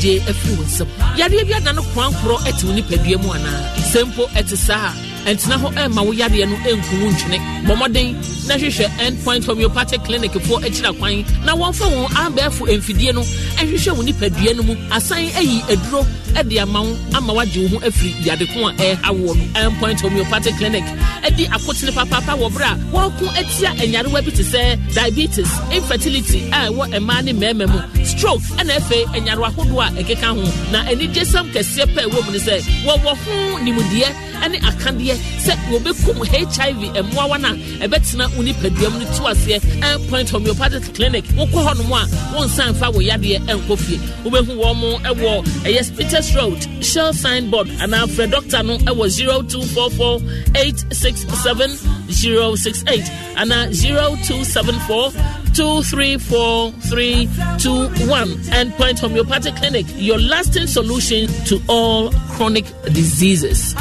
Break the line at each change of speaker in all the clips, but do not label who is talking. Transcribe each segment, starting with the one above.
anigye afiri wo nsam yareɛ bi ada no korankorɔ ɛte wo nipadua mu ana. sɛ mpo ɛte saa a ɛntena hɔ ɛmma wo yareɛ no ɛnku wo ntwene bɔ mmɔden na hwehwɛ endpoint homeopathic clinic foɔ akyira kwan na wɔmfa wɔn abɛɛfo mfidie no ɛhwehwɛ wo nipadua no mu asan ayi aduro ɛde ama wo ama wagye wo ho afiri yadeko a ɛɛhawoɔ eh, no endpoint ehm, homeopathic clinic ɛdi akotene papaapa wɔ berɛ a wɔnko atia anyarewa bi te sɛ diabetes infertility a ɛwɔ mmaa ne mmarima mu stroke ɛna afei anyarewa ahodoɔ a ɛkeka ho na anigyesɛm kɛseɛ pɛ ɛwɔ mu ne sɛ wɔwɔ ho nimdeɛ ne akadeɛ sɛ wɔbɛkum hiv mmoawa no a ɛbɛtena wo nipaduam no to aseɛ endpoint ehm, homeopathic clinic wokɔ hɔ nom a wonsan fa wo yadeɛ ɛnkɔ fie wobɛhu wɔ mo ɛwɔ ɛyɛ spital Road, Shell Signboard, and Alfred Doctor no ɛwɔ 0244 867 068 and 0274 234321 and Point Homeopathic Clinic, your lasting solution to all chronic diseases.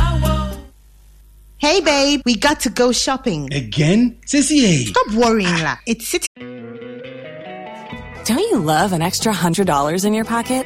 Hey babe, we got to go shopping.
Again?
Sissy. Stop worrying, la. It's city. Don't you love an extra $100 in your pocket?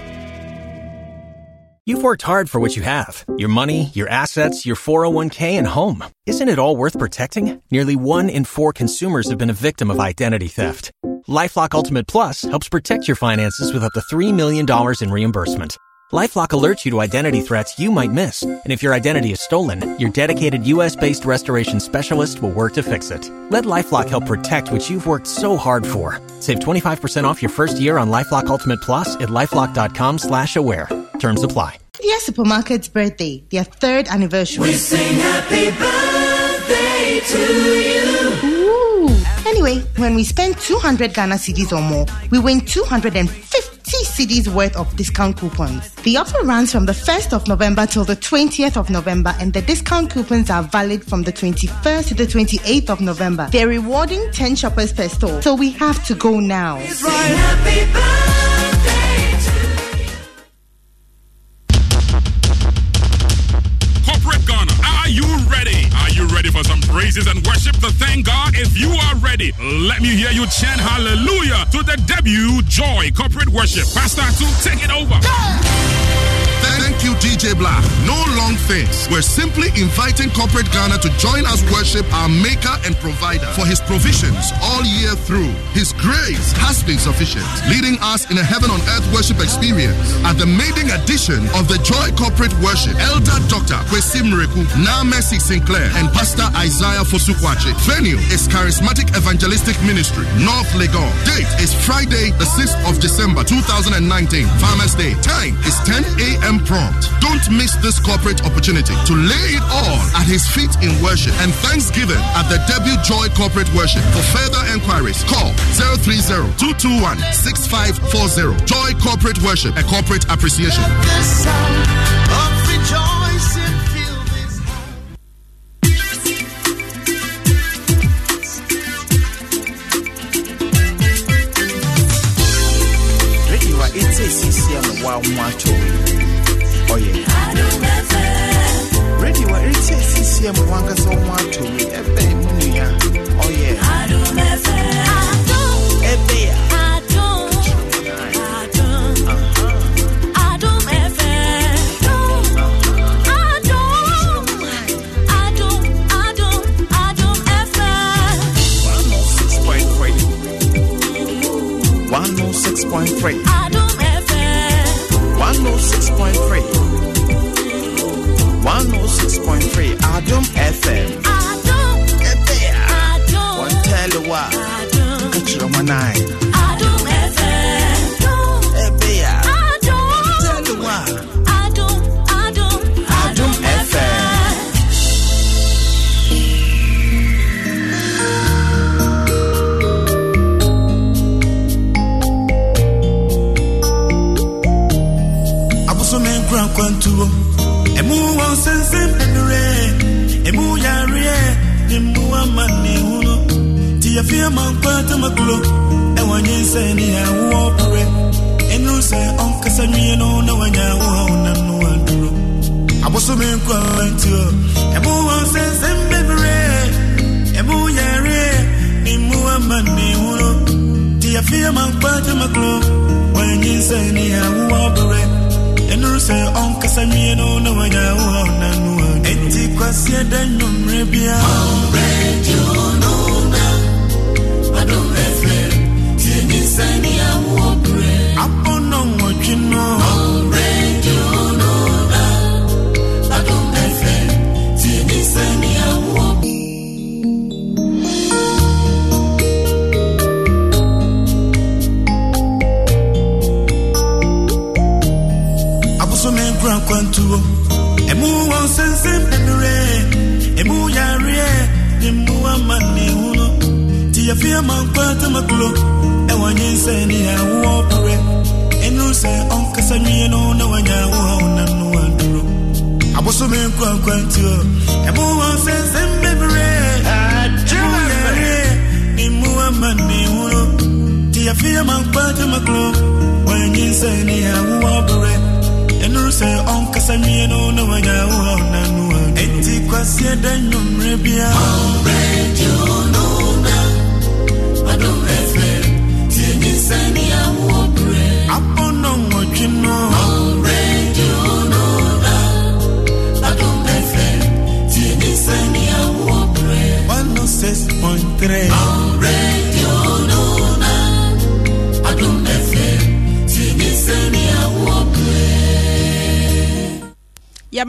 You've worked hard for what you have your money, your assets, your 401k, and home. Isn't it all worth protecting? Nearly one in four consumers have been a victim of identity theft. Lifelock Ultimate Plus helps protect your finances with up to $3 million in reimbursement. LifeLock alerts you to identity threats you might miss, and if your identity is stolen, your dedicated U.S.-based restoration specialist will work to fix it. Let LifeLock help protect what you've worked so hard for. Save 25% off your first year on LifeLock Ultimate Plus at lifeLock.com/slash-aware. Terms apply.
Dear Supermarket's birthday, their third anniversary. We sing happy birthday
to
you. Ooh. Anyway, when we spend 200 Ghana cedis or more, we win 250 cedis worth of discount coupons. The offer runs from the 1st of November till the 20th of November, and the discount coupons are valid from the 21st to the 28th of November. They're rewarding 10 shoppers per store, so we have to go now.
Let me hear you chant hallelujah to the debut Joy Corporate Worship. Pastor to take it over. Yeah. Thank you, DJ Black. No long things. We're simply inviting corporate Ghana to join us worship our maker and provider for his provisions all year through. His grace has
been sufficient, leading us in a heaven on earth worship experience at the maiden edition of the
Joy Corporate Worship. Elder Dr. Kwesi Mreku, Na Mercy Sinclair, and Pastor Isaiah Fosukwache. Venue is Charismatic Evangelistic Ministry, North Legon. Date is Friday, the 6th of December 2019, Farmers Day. Time is 10 a.m. Pro.
Don't miss this corporate opportunity to lay it all at his feet in worship and thanksgiving at the Debut Joy Corporate Worship. For further enquiries, call
030-221-6540. Joy Corporate Worship, a corporate appreciation.
It's a CCM while watching.
Oye. Ready, what it CCM, to me, I eh, don't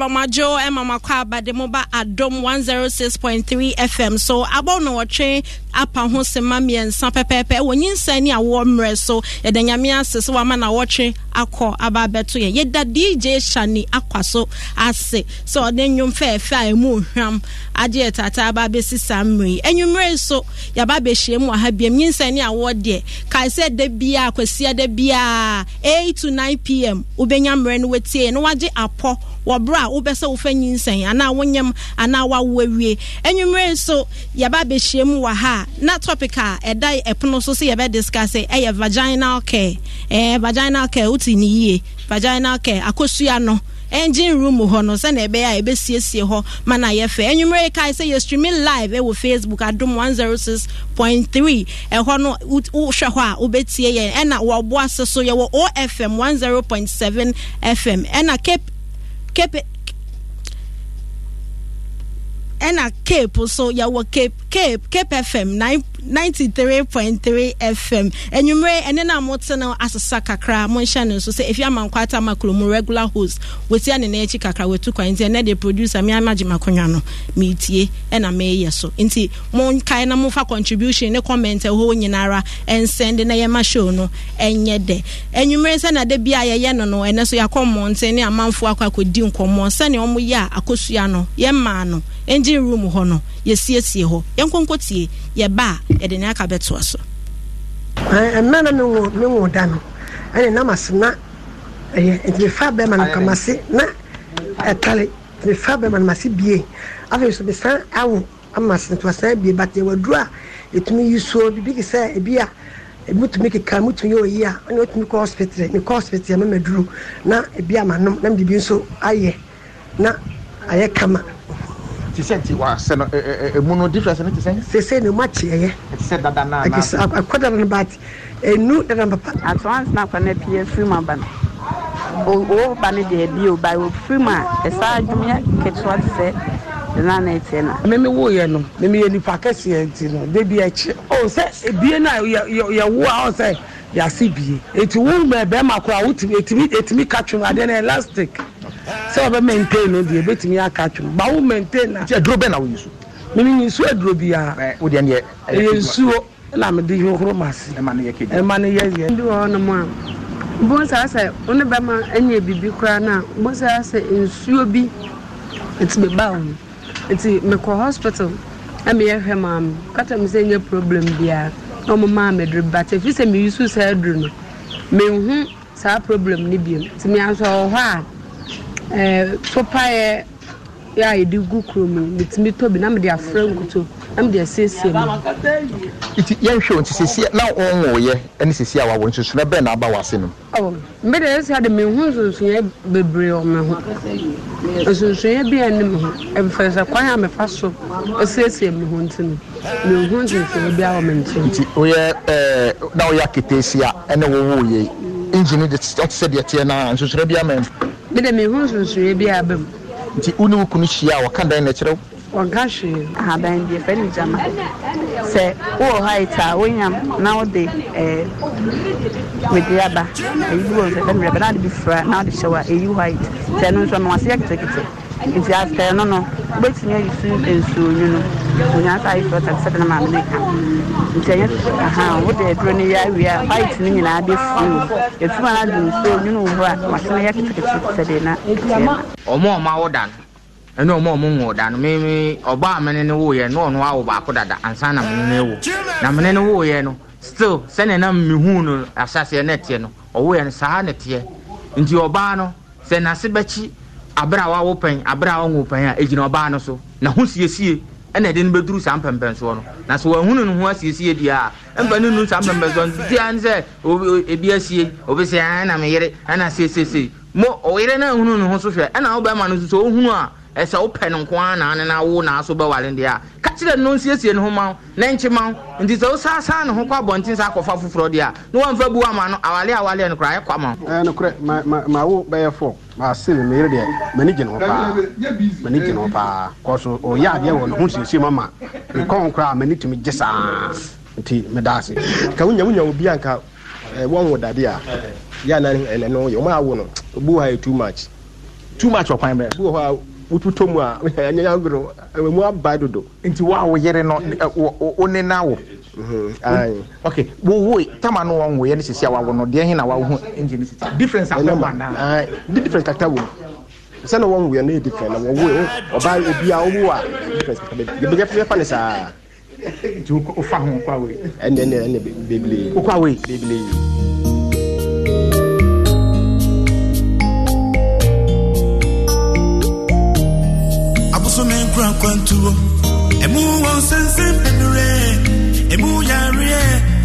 abamadwo ɛma makɔ aba de mo ba adom 106.3 fm so abɔ no wɔtwe apa ho sema mmiɛnsa pɛpɛɛpɛ wɔ nyinsɛn ni awoɔ mmerɛ so yɛda nyame ase sɛ wama na wɔtwe akɔ aba abɛto yɛ yɛda dj shani akwa so ase sɛ ɔde nnwom fɛɛfɛ a ɛmu hwam agye yɛ tata aba abɛsi saa mmerɛ yi anwummerɛ so yɛaba abɛhyia mu aha biam nyinsɛn ne awoɔ deɛ kae sɛ da biaa kwasia da biaa 8 to 9 pm wobɛnya mmerɛ no wɔtie na wagye apɔ wɔbrɛ a wobɛ sɛ wofa nyinsɛn anaa wonyam anaa wawo awie anwummerɛ so yɛaba abɛhyia mu wɔ ha a a na topic a ɛda ɛpono so sɛ yɛbɛ discuss ɛyɛ vaginal care ɛɛ vaginal care o ni ne yie vaginal care akosua no engine room hɔ no sɛnea ɛbɛyɛ a ɛbɛsiesie hɔ ma na yɛ fɛ enyimire kae sɛ yɛ streaming live ɛwɔ facebook adum one zero oh six point three ɛhɔ no wohwɛ hɔ a wobɛtie yɛn ɛna wɔboa se so yɛwɔ ofm one zero oh point seven fm ɛna cape cape ɛna cape so yɛwɔ cape cape cape fm nine ninety three point three fm enyimire ɛne na mo te no asesa kakra mo nhyɛ no nso sɛ efi ama ata ama kurom regular host wotia ne n'akyi kakra wotu kwan nti ɛnɛ de producer mi ama gyima akonnwa no meetie ɛna meeyɛ so nti mo nkae na mo fa contribution ne comment ɛhɔ nyinara ɛnsɛn na yɛma show no ɛnyɛ dɛ enyimire sɛ na de bi a yɛyɛ no no ɛnɛ so yɛakɔ mmɔnten ne amanfoɔ akɔ akɔdi nkɔmmɔ sɛnea wɔn yɛ a akosua no yɛmaa no engine room hɔ no yɛsiesie hɔ yɛnkonkotie yɛba a yɛde ne aka bɛtoa so mmerɛ na mewo da no ɛne nam ase na ɛyɛ nti mefa bɛma no kamase na
ɛtare mefa bɛma no mase bie afei so mesan awo ama se nti wasan abie bat yɛwaduru a ɛtumi yi suo bibi ke sɛ ebi a mutumi keka mutumi yɛ oyi a ɔne ɔtumi kɔ hospital mekɔ hospital ma maduru na ebi ama nom na mede bi nso ayɛ na ayɛ kama te sɛ nti wahyɛ no ɛmu no difference
e no te sɛ. sese ne mu akyeɛ eh, yɛ. ɛte sɛ dada naa naa akisɛ akɔ dada no baati enu dada papa. atoa nsona akɔ na pie firi mu aba no owo ba no deɛ bi o ba o firi mu a ɛsa adwuma ketewa te sɛ nana na ɛteɛ na. mímí wo yɛ no mímí
yɛ nipa kɛseɛ nti no debi ɛkyi o sɛ ebie na yɛ yɛ wo a ɔsɛ. yasi bie eti wọn bẹ bẹẹma kọ a wotumi etimi etimi katwem adeɛ na elastic sɛ ɔbɛ maintain no deɛ ebetumi akatwem ba wo maintain na. ti aduro bɛɛ na woyi so. mímí yin nsuo aduro bi ya. ɛ o deɛ ni yɛ. ɛyɛ nsuo ɛna mi di horo ma se. ɛma ni yɛ kedi. ɛma ni yɛ yɛ.
ndi wɔ nom a bonsa sɛ ɔne bɛma ebibi bibi koraa na bonsa sɛ nsuo bi eti mi ba wɔn eti mi kɔ hospital ɛmi yɛ hwɛ maame kata mi sɛ nye problem biara. na ɔmo maa mi duro but efi sɛ mi yusu saa duro no mi hu saa problem ne bi mu nti mi aso ɔwɔ hɔ a ɛɛ eh, sopa yɛ yɛ a yɛde gu kurom mi mi tobi na mi de afra nkutu
ɛm deɛ siesie mu. Iti yɛn hwɛ wɔn ti siesie na wɔn wɔn yɛ ɛne siesie a
wɔn nsusu na bɛn na aba wɔn ase no.
ɔ mbɛ de ɛsi adi mi hu nsusunyɛ bebree wɔ mi ho nsusunyɛ bi ɛni mi ho ɛfɛsɛ kwan a mi fa so ɛsiesie mi ho
nti no mi hu nsusunyɛ bi a wɔ mi nkyɛn.
nti oyɛ ɛɛ eh, na oyɛ aketeesia ɛne wɔn wɔn yɛ engine de ɔte sɛ deɛ teɛ na nsusunyɛ bi ama mu.
mbɛ de mi hu nsusunyɛ
bi a bɛ mu. nti
ɔka ahaban deɛ fɛ gyama sɛ wowɔ hɔ na wode dị aba eyi bi wɔ nsɛ sɛ na wode bi fura na hyɛ w a hɔ ayɛ sɛ ɛno nso ɔnowase yɛ nti afɛ no no wobɛtumi ayi su nsuonwu no onyaa sɛ sɛ maame ne ka nti ɛnyɛ aha wode aduro yɛ awie a white nyinaa ma nsuo hɔ a wase no yɛ kitakita sɛ na
ɔmo no ɛne ɔma ɔmo ŋɔ da no meme ɔba a mene ne woyɛ no ɔno awo baako dada ansa na mene no ewo na mene no woyɛ no still sɛne na mehu no asaseɛ no ɛteɛ no ɔwoyɛ no saa ne teɛ nti ɔbaa no sɛ nase bɛkyi abere a wawo pɛn abere a wɔnwo pɛn a ɛgyina ɔbaa no so na ho siesie ɛna ɛde no bɛduru saa mpɛmpɛnsoɔ no na sɛ wɔahunu no ho asiesie deɛ a ɛmfa no nu saa mpɛmpɛnsoɔ no tia ne sɛ ebi asie obi sɛ ɛna meyere ɛna seesesei mo ɔyere na ahunu no ho so hwɛ ɛna wobɛma no so sɛ ɔhunu a ɛsɛ wopɛ no nko na wo naa so a ka kyerɛ no nsiesie ne ho ma wo na nkye ma wo nti sɛ wosasaa ne ho kɔ abɔnten akɔfa foforɔ deɛ a na wamfa bu ama no awale awale no koraa ma
nokorɛ ma bɛyɛ fɔ maasere meyere deɛ m'ani gye ne ho paa m'ani gye ne ho paa ɔyɛ adeɛ wɔ ne ho ma ma
mekɔn koraa m'ani tumi gye saa nti meda ase ka wonya wonya wɔnwo dade a yɛ ana yɛ ɔma awo no yɛ too much too much wotutɔ mu a ɛnyɛ agorɔ mu aba dodo. nti wo a wo yere no o ne na wo.
Mm-hmm.
ok wo wo tama no wɔn wo yɛ ne sisi
a wa wɔ no deɛ hin na wa ho engine ne sisi. difference akɔ mu ana. di difference kata wo
sani wɔn wo yɛ ne yɛ difference na wɔn wo yɛ ɔbaa obi a ɔwo a difference kata bɛ bi bɛ fɛ fa ne saa. nti o fa ho o kɔ awe. ɛnɛ ɛnɛ ɛnɛ bebree. o kɔ awe. bebree.
akwantuo ɛmu wɔ nsɛnsɛm bebree ɛmu yareɛ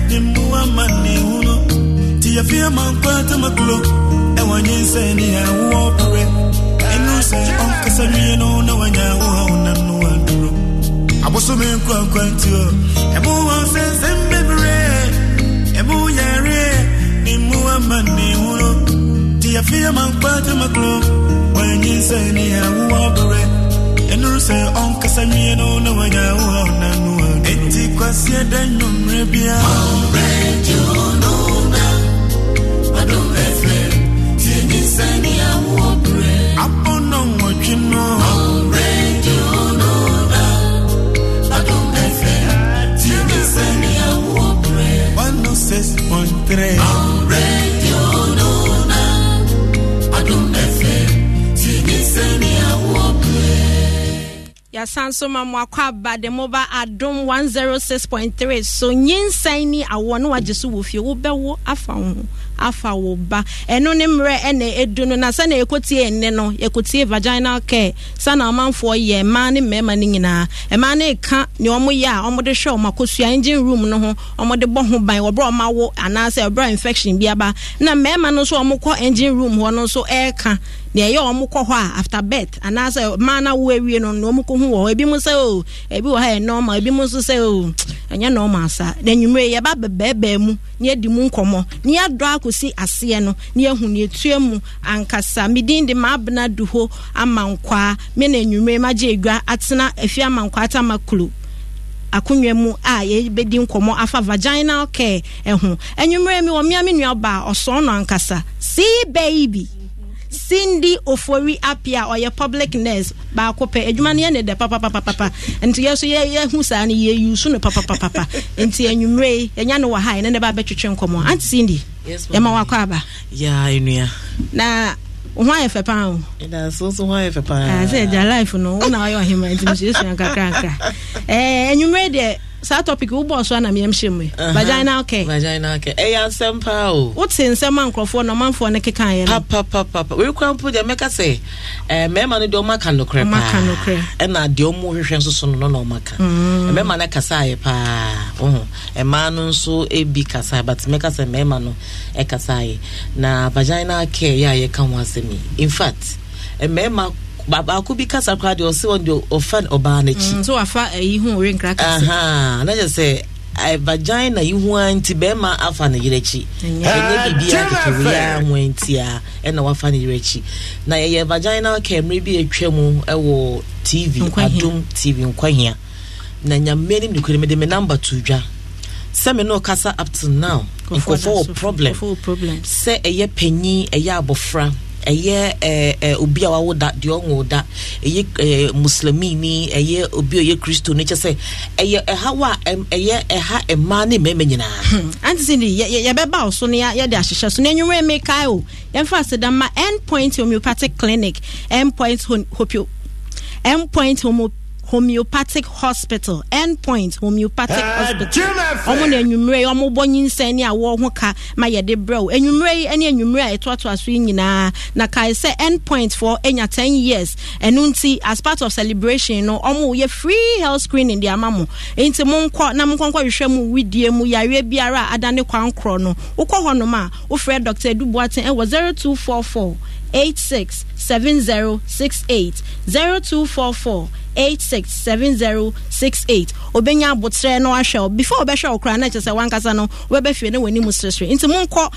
ne mu ama ne hu no nti yɛfe ama nkwa tamakulo ɛwɔ nye sɛ ne awoɔ pere ɛno sɛ ɔnkasa wie no na wanya wohaw nam no waduro abosome nkwankwantuo ɛmu wɔ nsɛnsɛm bebree ɛmu yareɛ ne mu ama ne hu no nti yɛfe ama nkwa tamakulo wɔanye sɛ ne awoɔ pere ɛnuru sɛ ɔnkasa nwie no na wanya wo a ɔna no a ɛnti kwaseɛ da nnwommerɛ biaa abɔ no nwɔtwe no Six point three.
yɛasan so ma mo akɔ aba de mo ba adom 106.3 so nyinsɛn ni awɔ ne wagye so wɔ fie wobɛwo afa wo ho afa wo ba ɛno ne mmerɛ ɛna ɛdu no na sɛna yɛkɔtie ɛnɛ no yɛkɔtie vaginal care sɛna ɔmanfoɔ yɛ mmaa ne mmarima no nyinaa e mmaa no ɛka nea ɔmo yɛ a ɔmo de hwɛ ɔmo akosua engine room no ho ɔmo de bɔ ho ban wɔbrɛ ɔmo awo anaasɛ ɔbrɛ infection bi aba na mmarima no nso ɔmo kɔ engine room hɔ no nso ɛɛka e deɛ ɛyɛ wɔn kɔ hɔ a after birth anaasɛ mmaa na wo awie no na wɔn kɔ ho wɔ hɔ ebi mu sɛ o oh, ebi wɔ ha yɛ normal ebi mu nso sɛ o oh, ɛnyɛ normal saa na enyimire yɛba bɛbɛɛbɛɛ mu na yɛdi mu nkɔmɔ na yɛadɔ akɔsi aseɛ no na yɛhu na etua mu ankasa midin de ma abena du hɔ amankwaa me na enyimire ma gye edwa atena efi amankwaa atama kuro akonnwa mu a yɛbɛdi nkɔmmɔ afa vaginal care ɛho enyimire mi wɔ mmea mi nua ɔbaa ɔsɔn no ankasa see baby. cindy ofori apia ɔyɛ public nurse baako pɛ adwuma no yɛ ne dɛ papapapapa nti yɛ so yɛhu saa no yɛyu so no papapapapa nti you ɛnya no wɔ ha ɛne ne ba bɛtwetwe nkɔmmɔ ante cindy yɛma wakɔ aba
yaa ɛnua
na ho ayɛ fɛ paa o
ah, sɛ
agya life no wona ɔyɛ ɔhema nti mesuasua you anwummerɛ deɛ saa topic wobɔ so ana meɛmhyɛ mu vaginal
care vaginal care ɛyɛ asɛm paa o wote nsɛm a nkurɔfoɔ no ɔmanfoɔ no kekaeɛ no papapapapa wei kora mpo deɛ mɛka sɛ eh, mmarima no deɛ ɔmaka nokorɛ paaka nokorɛ ɛna deɛ ɔmo hwehwɛ nso so no na ɔmaka
mm. mmarima
no kasaeɛ paa woho mmaa no nso bi kasaeɛ but mɛka sɛ mmarima no ɛkasaeɛ na vaginal care yɛ a yɛka ho asɛm yi in fact mmarima baako mm, eh, eh, ah, eh, bi kasa koraa deɛ ɔsi wɔn deɛ ɔfa ɔbaa n'akyi. nso wafa ɛyi ho ori nkira kasa. na kyerɛ sɛ vagina yi ho ara nti bɛrima afa ne yere akyi
ɛnyɛ biribi a ketewa
ho nti a ɛna wafa ne yere akyi na yɛyɛ vagina kɛmiri bi atwa mu ɛwɔ tv adum tv nkwahia na nyamea ne nukuri mi de mi namba to dwa sɛmi kasa up to now nkɔfɔ wɔ problem sɛ ɛyɛ panyin ɛyɛ abɔfra ɛyɛ obi a wawo da deɛ ɔnwo da ɛyɛ muslimi ni ɛyɛ obi a ɔyɛ kristo ni kyɛ sɛ ɛyɛ ɛhaw a ɛyɛ ɛha mmaa ne mmarima nyinaa.
anti si ni yɛbɛba o so ne yɛde ahyehyɛ so na enyimire mi kae o yɛmfa aseda ma end point homeopathic clinic end point homeopathic end point homeopathic homeopathic hospital endpoint homeopathic hospital ɔmo na enyimire yi ɔmo bɔ nyinsɛn ne awɔ ho ka ma yɛde brɛw enyimire yi ne enyimire a ɛtoatoa so yi nyinaa na kae sɛ endpoint for enya ten years ɛnu nti as part of celebration no ɔmo yɛ free health screening de ama mo nti mo nkɔ na mo nkɔ nkɔ hwehwɛ mu widie mu yareɛ biara a adane kwan korɔ no wokɔ hɔ nom a wofrɛ dr edubuaten ɛwɔ zero two four four. 86 7068 obenya abotire no ahwɛ before ɔbɛhwɛ wo koraa na kyerɛ sɛ wankasa no fie ne w'anim serɛserɛ nti monkɔ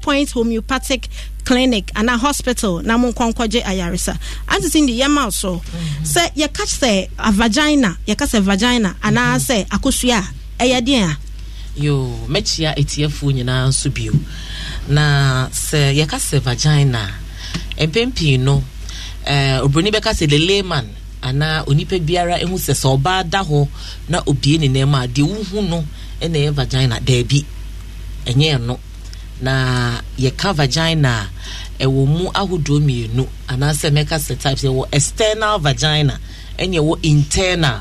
point homeopathic clinic anaa hospital na monkɔ nkɔgye ayaresa antete ndi yɛma wo so mhm. sɛ yɛka sɛ vagina yɛka sɛ vagina anaa mhm. sɛ akosua a ɛyɛ deɛn a
yo mɛkyia ɛtiafoɔ nyinaa nso bio na sɛ yɛka sɛ vagina mpɛn pii no ɛɛ eh, obroni bɛka sɛ the layman anaa onipa biara ehu sɛ sɛ ɔbaa da hɔ na obie ne nan mu a deɛ wuhu no ɛna ɛyɛ vagina daabi ɛnyɛ ɛno na yɛka vagina a ɛwɔ mu ahodoɔ mmienu anaasɛ mɛka sɛ types ɛwɔ external vagina ɛna ɛwɔ internal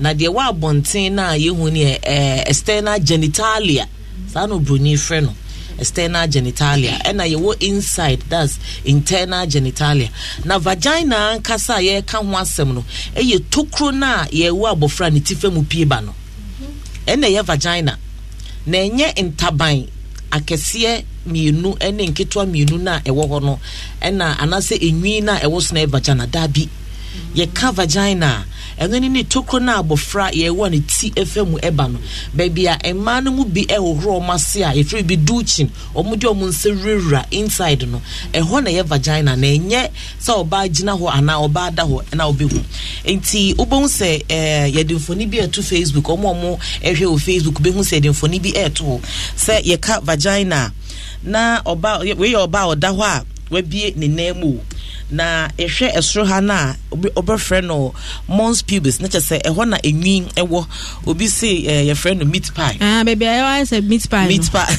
na deɛ wɔ abɔnten na yɛhu no ɛɛ eh, external genitalia saa na obroni frɛ no. external genitalia ɛna yɛwɔ inside that's internal genitalia na vagina ankasa a yɛreka ho asɛm no ɛyɛ tokuro no a yɛwɔ abɔfra ne tifa mu pie ba no ɛna ɛyɛ vagina na ɛnyɛ ntaban akɛseɛ mmienu ne nketewa mmienu no a ɛwɔ hɔ no ɛna anaasɛ enwi no a ɛwɔ so na ɛyɛ vagina bi. yɛka virgina a ɛno ne ne tokuro no abɔfra yɛwɔ ne ti fa mu ba no baabi a mmaa no mu bi hohoro e ɔmo ase a yɛfiri bi duchin ɔmo de ɔmo nsa wurawura inside no ɛhɔ eh, na ɛyɛ virgina na ɛnyɛ sɛ ɔbaa gyina hɔ anaa ɔbaa da hɔ na ɔbɛhu nti wobɛhu sɛ ɛɛ yɛde mfoni bi ɛto facebook ɔmo ɔmo ɛhwɛ wɔ facebook bɛhu sɛ yɛde mfoni bi ɛɛto hɔ sɛ yɛka virgina na ɔbaa wei ɔbaa ɔda hɔ a wabie ne nan mu na ɛhwɛ ɛsoro ha no a ɔbɛfrɛ no mons pubis na kyɛ sɛ ɛhɔ na ɛnwi ɛwɔ obi se eh, yɛfrɛ no meat pie ah, baabi a ɛwɔ sɛ meat pie meat pie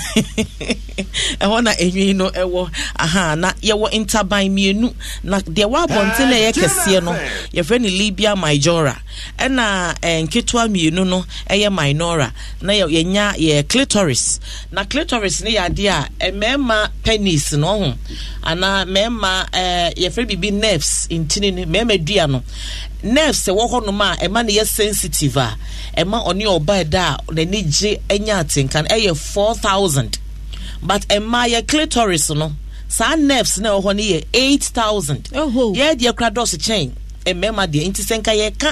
ɛhɔ na ɛnwi no ɛwɔ aha na yɛwɔ ntaban mmienu na deɛ wɔabɔnten na ɛyɛ kɛseɛ no yɛfrɛ no libia majora ɛna eh, nketewa mmienu no ɛyɛ minora na yɛnya yɛ clitoris na clitoris ne yɛ adeɛ a eh, mmarima penis no ho anaa mmarima yɛfrɛ wɔfrɛ biribi nerves ntini no mmarima dua no nerves ɛwɔ hɔnom a ɛma no yɛ sensitive a ɛma ɔne ɔba ɛda a n'ani gye anya atenka no ɛyɛ four thousand but ɛma yɛ clitoris no saa nerves na ɛwɔ hɔ no yɛ eight thousand yɛ deɛ kura dɔɔso kyɛn mmarima deɛ nti sɛ nka yɛka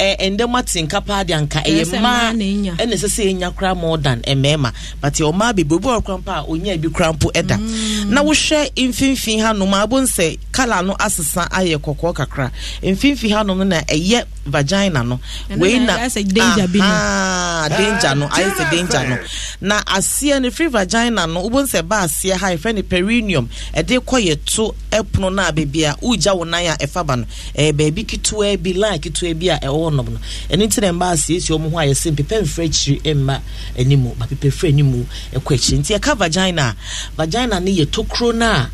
ɛndɛm ate nka paa deɛ anka ɛyɛ mmaa ɛna ɛsɛ sɛ yɛnya koraa more than mmarima but yɛ ɔmaa bebree obi wɔ kora mpo a ɔnya bi kora mpo ɛda mm. na wohwɛ mfimfini hanom a abonsɛ kala no asesa ayɛ kɔkɔɔ kakra mfimfini hanom no na ɛyɛ vagina no wei na ahaa danger no ayɛ sɛ danger no na aseɛ no firi vagina no wobonsɛ ba aseɛ ha yɛfrɛ no perineum ɛde kɔ yɛ to ɛpono no a baabi a wogya wo nan a ɛfa ba no ɛyɛ baabi ketewa bi line ketewa bi a ɛwɔ nom no ɛno nti na mmaa asiesie wɔn ho a yɛsɛ mpepɛ mfra akyiri mma anim ba pepɛ fra anim ɛkɔ akyiri nti yɛka vagina vagina ne yɛ tokuro no a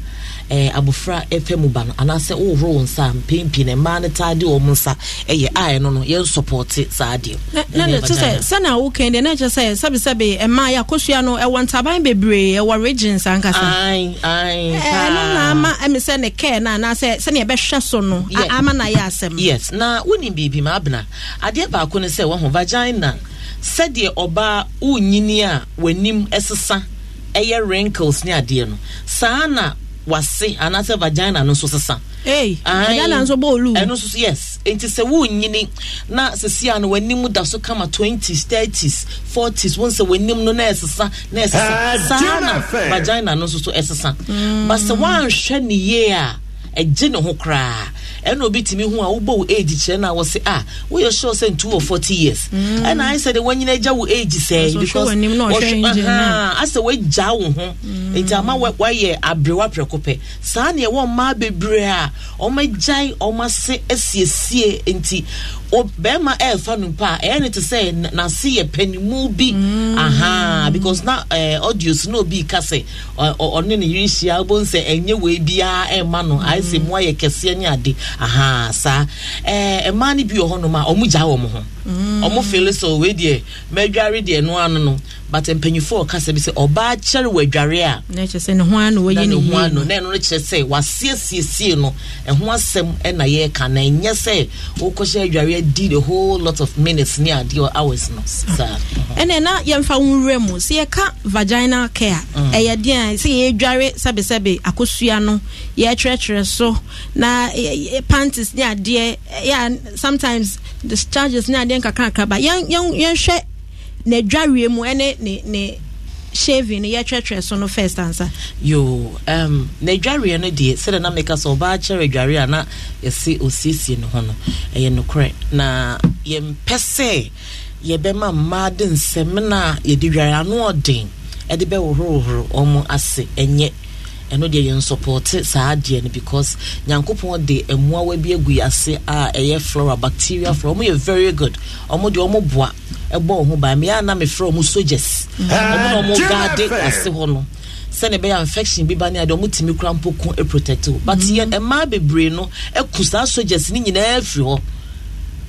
eh, abofra ɛfɛ eh, mu ba no anaasɛ wohoro wo nsa mpɛnpii no mmaa no taa de wɔ m nsa ɛyɛ aɛ no no yɛnsɔpɔɔte saa deɛ nte sɛ
sɛna wokan deɛ na ɛkyɛ sɛ sɛbesɛbe ɛma yɛ akɔsua no ɛwɔ ntaban bebree ɛwɔ regions ankasa eh, eh, ɛno na ama eh, me sɛ ne kɛɛ no anaasɛ sɛnea ɛbɛhwɛ so no
ama na yɛ asɛm yes na wonim biribi ma abena adeɛ baako no sɛ waho vagina sɛdeɛ ɔbaa wonyini a w'anim ɛsesa ɛyɛ wrinkles ne adeɛ no saa na wase anaasɛ vagina no nso sesa. Hey, vagina nso bɔ olu. ɛno nso yes nti sɛ wonyini na sisi a no w'anim da so kama twenties thirties forties wɔn sɛ w'anim no na ɛsesa na ɛsesa ah, saa na vagina no nso so ɛsesa. Mm. basɛ ne yie a ɛgye ne ho koraa. ɛna obi tumi ho a wobɔ wo age kyerɛ no a a ah, woyɛ sure sɛ ntu wɔ 40 years mm. ɛna ayɛ sɛ de wanyina agya wo age sɛe asɛ woagyaa wo ho mm. nti ama woayɛ aberewa prɛko pɛ saa neɛ wɔ mmaa bebree a ɔmagyae ɔmase asiesie nti bɛrima ɛɛfa no mpa a ɛyɛ no te sɛ n'ase yɛ panimu bi mm. aha because na eh, audios na obi ka sɛ ɔne ne ɛnyɛ wei biara no ayɛ sɛ kɛseɛ ne aha sa, ɛɛ mmaa no bi wɔ hɔnom a wɔn gya wɔn ho. ɔmo fele so wei deɛ mɛdware deɛ no ano no but mpanyinfo ɔka sɛ bi sɛ ɔbaa kyɛre wɔ adware a na kyerɛ sɛ ne ho
ano wɔyɛ ne yie na ɛno
no kyerɛ sɛ wasiesie no ɛho asɛm ɛna yɛreka na ɛnyɛ sɛ wokɔhyɛ adware di the whole lot of minutes ne adeɛ or hours no
ɛnna ɛna yɛmfa nwura mu sɛ yɛka vaginal care ɛyɛ mm. deɛ sɛ yɛdware sɛbesɛbe akosua no yɛkyerɛkyerɛ so na panties ne adeɛ yɛ sometimes discharges ne adeɛ yɛn kakrakraba yɛnhwɛ n'adwareɛ mu ɛne ne ne shaving ne yɛtwerɛtwerɛ so no first answer.
yoo um, n'adwareɛ no deɛ sɛdeɛ na meka sɛ ɔbaa kyerɛ adwareɛ a na yɛsi osiesie ne ho no ɛyɛ nokorɛ na yɛmpɛ sɛ yɛbɛma mmaa de nsɛm na yɛde dware ano ɔden ɛde bɛhohorohoro wɔn ase ɛnyɛ ɛno deɛ yɛn support saa adeɛ no because nyankopɔn de mmoawa bi agu ase a ɛyɛ flora bacteria flora ɔmo yɛ very good ɔmo deɛ ɔmo boa ɛbɔ ɔmo ba mmea na mefrɛ ɔmo soldiers ɔmo na ɔmo gaade ase hɔ no sɛne ɛbɛyɛ infection bi ba ne adeɛ ɔmo tumi kura mpo ko protect o but yɛn mm. mmaa bebree no ɛku soldiers ne nyinaa firi hɔ.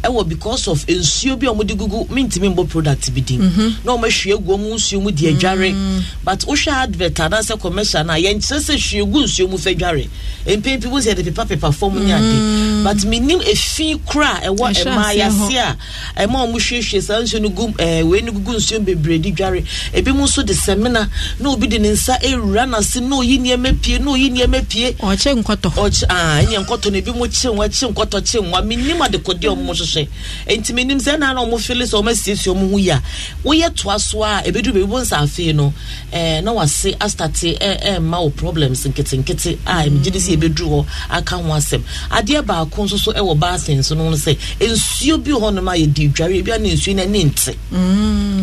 ɛwɔ because of nsuo bi a wɔde gugu mintimi mbɔ product bi din mhm. na wɔn ahwie egu wɔn nsuo mu de adware mm. but wohwɛ advert anaasɛ commercial na yɛn kyerɛ sɛ hwie gu nsuo mu fɛ dware mpempi wɔn yɛde pepa pepa ne ade mm. but minim efi kora ɛwɔ ɛmaa yase a ɛmaa wɔn hwiehwie saa nsuo no gu ɛɛ wei no gugu nsuo bebree de dware ebi mu nso de sɛmina na obi de ne nsa ewura n'ase na oyi nneɛma pie na oyi nneɛma pie. ɔkyɛ nkɔtɔ ɔkyɛ aa ɛnyɛ nkɔtɔ na ebi mu kye nwa kye nkɔtɔ kye nwa minim adekode ɔmo hwɛ nti mi nim sɛ ɛna na ɔmo fili sɛ ɔmo asiesie ɔmo ho yi a woyɛ toa so a ebedu beebi wɔn nsaafee no ɛɛ eh, na wase astate ɛɛ ɛɛma wɔ problems nketenkete a ɛmgye mm-hmm. de si ebedu hɔ aka ho asɛm adeɛ baako nso so ɛwɔ baasin so no sɛ nsuo bi hɔ nom a yɛde dware ebi a nsuo mm. na ne nte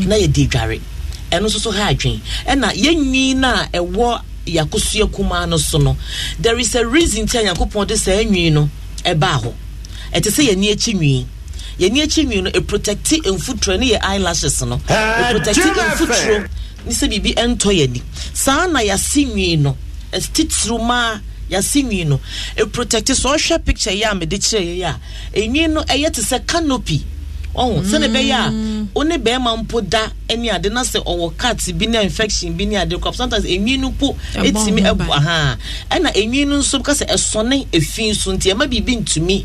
na yɛde dware ɛno nso so ha adwen ɛna yɛnwi no ɛwɔ yakosua kumaa no so no there is a reason ti a nyankopɔn de saa nwi no ɛbaa hɔ ɛte sɛ yɛn ni akyi nwi yɛni akyi nwi no ɛprotɛkte mfuturo ne yɛ eyelashes no ɛprotɛkte mfuturo ne sɛ biribi ɛntɔ yɛni saa na yɛase nwi no ɛtitirimaa yɛase nwi no ɛprotɛkte sɛ ɔhwɛ picture yi a mede kyerɛ yɛ a ɛnwi no ɛyɛ te sɛ canopy ɔho sɛne ɛbɛyɛ a mm. wo ne bɛrima mpo da ne ade na sɛ ɔwɔ cat bi ne infection bi ne ade kɔ sometimes ɛnwi no po ɛtumi ɛbu ahaa ɛna ɛnwi no nso ka sɛ ɛsɔne ɛfi nso nti ɛma biribi ntumi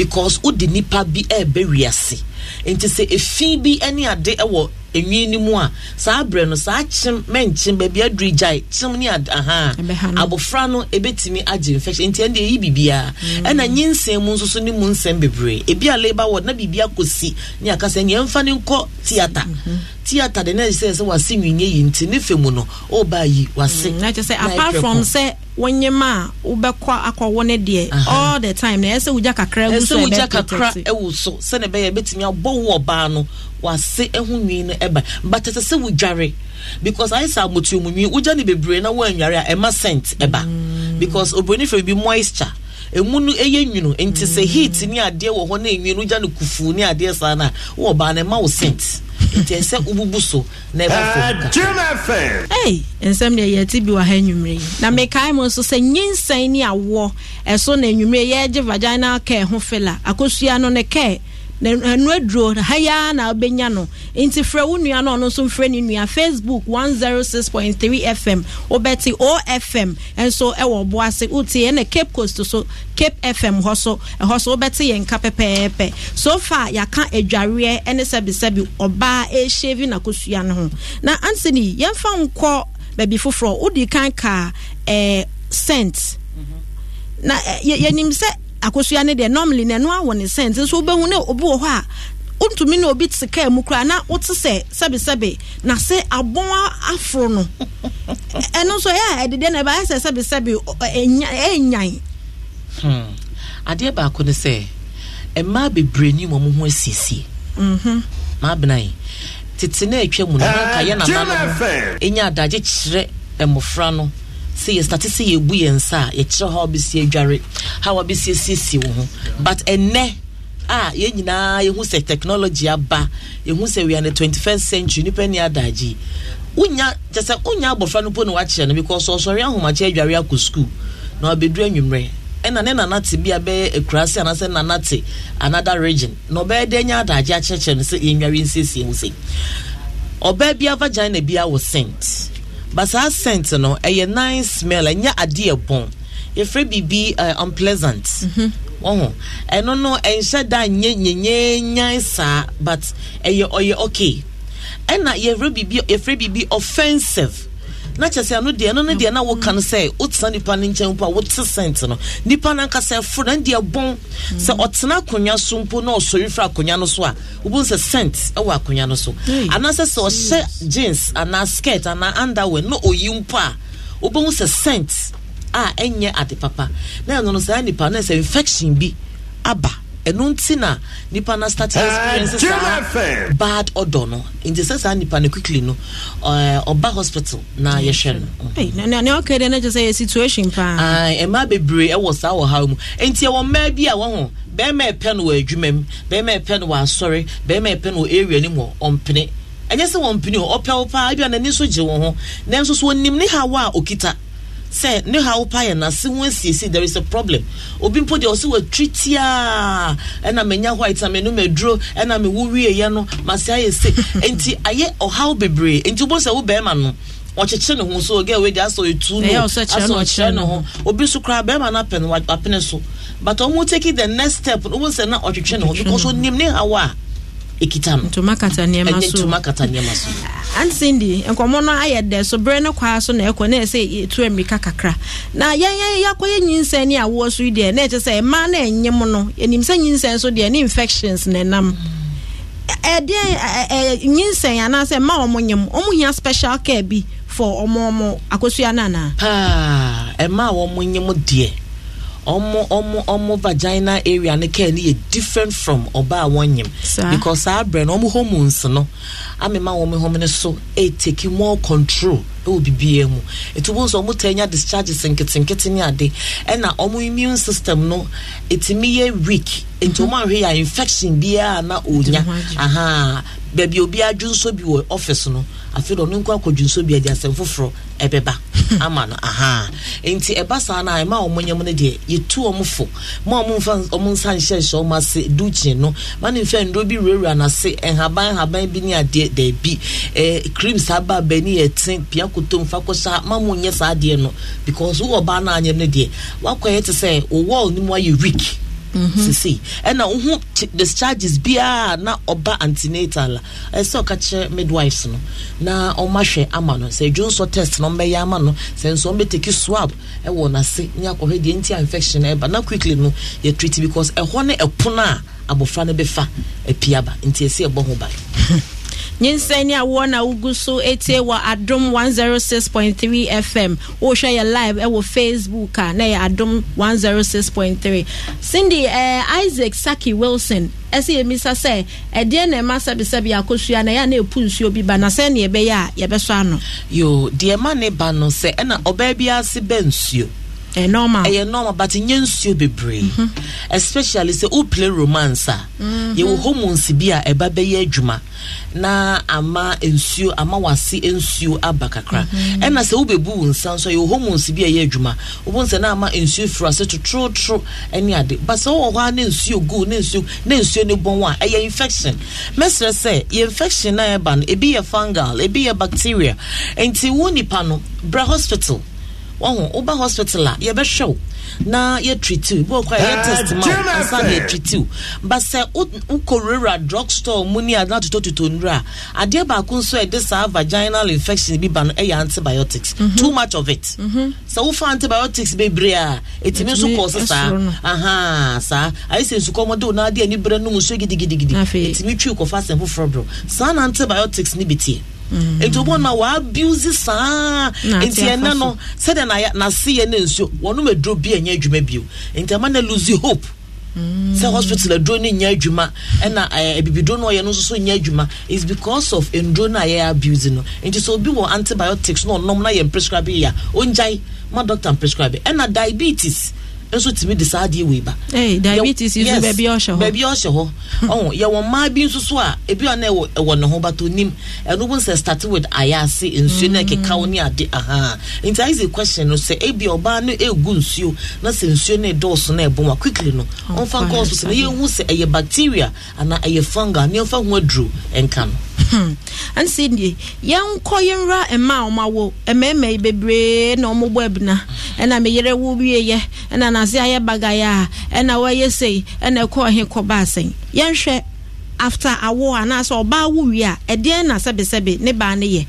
because wode nipa bi ɛɛbɛ wiase nti sɛ efi bi ne ade wɔ enwi no mu a saa abirɛ no saa kyim mɛnkyim baabi aduru gyae kyim ne aha abɔfra no ebetumi agye infection nti ɛna eyi biribiara mm. ɛna nyinsɛn mu nso so ne mu nsɛm bebree ebi a labour ward na biribi akɔsi ne akasa nea mfa ne nkɔ theatre mhm. theatre de
na ɛsɛ sɛ wase nwinye yi nti ne fɛ mu no ɔba yi wase mm, na kyerɛ sɛ apart from sɛ wɔnyɛ ma a wobɛkɔ akɔwɔ ne deɛ all the time na ɛsɛ wogya kakra ɛwɔ
so ɛbɛtumi ab ɛbɔ ụwa ɔbaa no wase ho nwi no ɛba but ɛsɛ sɛ wodware because ayɛ sɛ amotuo mu nwi wogya ne bebree na woanware a ɛma scent ɛba mm. because obroni bi moisture emu no ɛyɛ nti sɛ mm. heat ne adeɛ wɔ hɔ kufu ne adeɛ saa na ɔbaa no ɛma scent
ah, nsɛm deɛ yɛte bi na mekae mu nso sɛ nyinsɛn ne awoɔ ɛso na yɛgye ho ɛnu uh, aduro haya na ɔbɛnya no nti frɛ wo nua na ɔno nso frɛ ne nua facebook one zero oh six point three fm wobɛte ofm nso ɛwɔ ɔboase wote ɛna cape coast so cape fm hɔ so ɛhɔ e so wobɛte yɛn nka pɛpɛɛpɛ so far yɛaka adwareɛ ne sɛbisɛbi ɔbaa ɛrehyɛvi n'akosua no ho na anthony yɛmfa nkɔ baabi foforɔ wodi kan ka ɛɛ eh, scent mhm. na eh, sɛ. akosua ne deɛ normally na ɛno awɔ ne sɛn nti nso wobɛhu ne obi wɔ hɔ a ntumi na obi te kaa mu koraa na wote sɛ sɛbesɛbe na sɛ abɔn aforo no ɛno nso ɛyɛ a ɛdedeɛ na ɛbɛayɛ sɛ sɛbesɛbe ɛnyan
hmm. adeɛ baako ne sɛ mmaa bebree ni wɔn ho asiesie mhm. maa benan tete na atwa mu na nka eh, yɛ nana no ɛnya adagye kyerɛ mmɔfra no sɛ yɛstate sɛ yɛbu yɛn nsa a yɛkyerɛ ha wobɛsi adware ha wobɛsiesiesie wo ho but ɛnɛ a yɛn nyinaa yɛhu sɛ technology aba ah, yɛhu sɛ we are the 21st century nipa ni adagye wonya kyɛ sɛ wonya abɔfra no po ne wakyerɛ no because ɔsɔre ahomakyɛ adware akɔ school na ɔbɛduru anwummerɛ ɛna ne nanate bi a bɛyɛ akurase anaasɛ nanate another region na ɔbɛyɛ dɛ nya adagye ah, akyerɛkyerɛ no sɛ yɛnware nsiesie ho sei ɔbaa bi a vagina bi awɔ sent but saa scent no ɛyɛ nice smell ɛnyɛ adeɛ bɔn yɛfrɛ biribi uh, unpleasant mhm. wɔn ho ɛno no ɛnhyɛ da nye nyenyenyan saa but ɛyɛ ɔyɛ okay ɛna yɛfrɛ biribi yɛfrɛ biribi offensive na kyɛ sɛ ɛno deɛ ɛno ne deɛ na woka no sɛ wotena nipa no nkyɛn mpo a wote sent no nipa no ankasa ɛfo na deɛ bɔn sɛ ɔtena akonnwa so mpo na ɔsɔre firi akonnwa no so a wobɛhu sɛ sent ɛwɔ akonnwa no so anaasɛ sɛ ɔhyɛ jeans anaa skirt anaa underwear na ɔyi mpo a wobɛhu sɛ sent a ɛnyɛ ade papa na ɛno no saa nipa no sɛ infection bi aba ɛno nti na nipa
na start eh, experience
saa bad odor no nti sɛ saa nipa no quickly no eh, ɔba hospital na yɛhwɛ
no ne ɔka dɛ no kyɛ sɛ yɛ situation
paa ɛmaa bebree ɛwɔ saa wɔ haw mu enti ɛwɔ mmaa bi a wɔho bɛrima ɛpɛ no wɔ adwuma mu bɛrima ɛpɛ no wɔ asɔre bɛrima ɛpɛ no wɔ area no mu ɔmpene ɛnyɛ sɛ wɔmpene o ɔpɛ wo paa ebi a n'ani so gye wɔn ho nanso so onim ne haw a okita sɛ ne haw pa yɛ n'ase ho there is a problem obi mpo deɛ ɔsɛ watwi tiaa ɛna manya white na menu maduro ɛna mewo wieɛ no mase ayɛ se enti ayɛ ɔhaw bebree enti wobɔ sɛ wo no ɔkyekyere ne ho so oge awe de asɔ etu ɔkyerɛ ne ho obi nso koraa bɛrima no apɛ no so but ɔmo the next step sɛ na ɔtwetwe ne ho
because ɛkita no ntoma kataniɛma so ant cindy nkɔmmɔ no ayɛ dɛ so berɛ no kwaa so na ɛkɔ na ɛsɛ ɛtu mmirika kakra na yɛyɛkɔyɛ nyinsɛn ne awoɔ so yi deɛ na ɛkyɛ sɛ ɛma na ɛnye mu no ɛnim sɛ nyinsɛn so deɛ ne infections na ɛnam ɛdeɛ nyinsɛn anaasɛ ɛma ɔmo nye mu ɔmo hia special care bi for ɔmo ɔmo akosua no anaa paa ɛma
a nyem nye deɛ ɔmo ɔmo ɔmo vagina area ne care no yɛ e different from ɔbaa wɔn nyim because saa brɛ no ɔmo hormones no amema wɔn hormone so ɛtake e more control ɛwɔ bibiara mu etu ụmụ nso ɔmo ta nya discharges nketenkete ne ade ɛna ɔmo immune system no etimi yɛ weak nti ɔmo ahwɛ yɛ infection biara na onya baabi obi adwo nso bi wɔ ɔfis no afei dɛ ɔno nkɔ akɔdwo nso bi adi asɛm foforɔ ɛbɛba ama no aha nti ɛba saa no a ɛma wɔn nyɛm no deɛ yɛtu wɔn fo mo a wɔn nsa nhyɛnhyɛ wɔn ase dukyin no ma ne nfɛn ndo bi wurawura n'ase nhaban nhaban bi ne adeɛ dɛɛbi ɛɛ cream yɛ ten saa adeɛ no because ɔbaa no a no deɛ wakɔ yɛ te sɛ mu ayɛ sisi ɛna wohu discharges biara na ɔba antinatal a ɛsɛ ɔka kyerɛ midwives no na ɔmahwɛ ama no sɛ adwo nso test na ɔmbɛyɛ ama no sɛ nso ɔmbɛtaki swab ɛwɔ n'ase ne akɔhwɛ deɛ nti a infection ɛba na quickly no yɛtreat because ɛhɔ ne ɛpono a abofra no bɛfa apiaba nti esi ɛbɔ ho ban
nyinsɛn ne awoɔ na wogu so etie wɔ adom one zero oh six point three fm wohwɛ yɛ live ɛwɔ e, facebook a na yɛ adum one zero oh six point three cindy ɛɛ uh, eh, isaac saki wilson ɛsɛ e, yɛ misa sɛ ɛdeɛ e, na ɛma sɛbisɛbi akosua na yɛ na epu nsuo bi ba na sɛ ne ɛbɛyɛ a yɛbɛsɔ ano.
yoo deɛ ma ne ba no sɛ ɛna ɔbaa bi ase bɛ nsuo ɛyɛ normal ɛyɛ normal but nye nsuo bebree mhm. especially sɛ o play romance a mm -hmm. yɛwɔ hormones bi a ɛba bɛyɛ adwuma na ama nsuo ama wase nsuo aba kakra mhm. ɛna mm -hmm. sɛ wobɛbu wo nsa nso yɛwɔ hormones bi a ɛyɛ adwuma wobɛhu sɛ na ama nsuo firi ase totorotoro ɛne ade but sɛ wowɔ hɔ a ne nsuo gu ne nsuo ne nsuo ne bɔn a ɛyɛ infection mɛsrɛ sɛ yɛ infection na ɛba no ebi yɛ fungal ebi yɛ bacteria nti wo nipa no bra hospital wɔn woba hospital a yɛbɛhwɛ wo na yɛtritiw bi wɔkɔ a yɛ test ma wo ansa na yɛtritiw ba sɛ wokɔwurawura drug store mu ni adana totototo nnura a adeɛ baako nso a yɛde saa vaginal infection bi ba no yɛ antibiotics mm-hmm. too much of it mm-hmm. sɛ wofa antibiotics bebree a ɛtumi nso kɔɔ se saa saa ayɛ sɛ nsukɔmmɔ de wo na adeɛ ani berɛ no mu so gidigidigidi ɛtumi twiw kɔfa asɛm foforɔ borɔ saa na antibiotics ni bi tie Mm-hmm. nti wɔn ah. na wɔabuse saa nti ɛnɛ no sɛdeɛ n'ase yɛ ne nsuo wɔn mu aduro bi ɛnyɛ adwuma bio nti ama na lose hope mm-hmm. sɛ hospital aduro eh, no nyɛ adwuma ɛna abibiduro no ɔyɛ no nso so nyɛ adwuma is because of nduro no a yɛ abuse no nti sɛ obi wɔ antibiotics na ɔnom na yɛ prescribe yɛ a ongyae ma doctor prescribe ɛna diabetes nso tumi de saa adeɛ wei ba.
ee diabetes
yi nso baabi ɔhyɛ hɔ baabi ɔhyɛ hɔ hmm. ɔn yɛwɔ mmaa bi nso so a ebi a na ɛwɔ ne ho bato nim ɛno bó nsɛ start with ayase nsuo na hmm. keka wo ne ade ahan nti ayi sɛ question no sɛ ebi ɔbaa no egu nsuo na sɛ nsuo no dɔɔso na ɛbɔn wa quickly no ɔnfa nkɔ ɔso sɛ yɛn ho sɛ ɛyɛ bacteria ana ɛyɛ fungal ne ɔnfa ho aduro ɛnka no. Hmm.
ansi die yɛn kɔ yɛn ra mmaa a wɔn awo mmarima yi bebree na wɔn bɔ abina ɛna meyere wo wie yɛ ɛna na anaasɛ ayɛ bagayɛ a ɛna wɔyɛ sei ɛna ɛkɔ ɔhe kɔ baasɛn yɛnhwɛ after awo anaasɛ ɔbaa wo wie a ɛdeɛn na sɛbesɛbe ne baa ne yɛ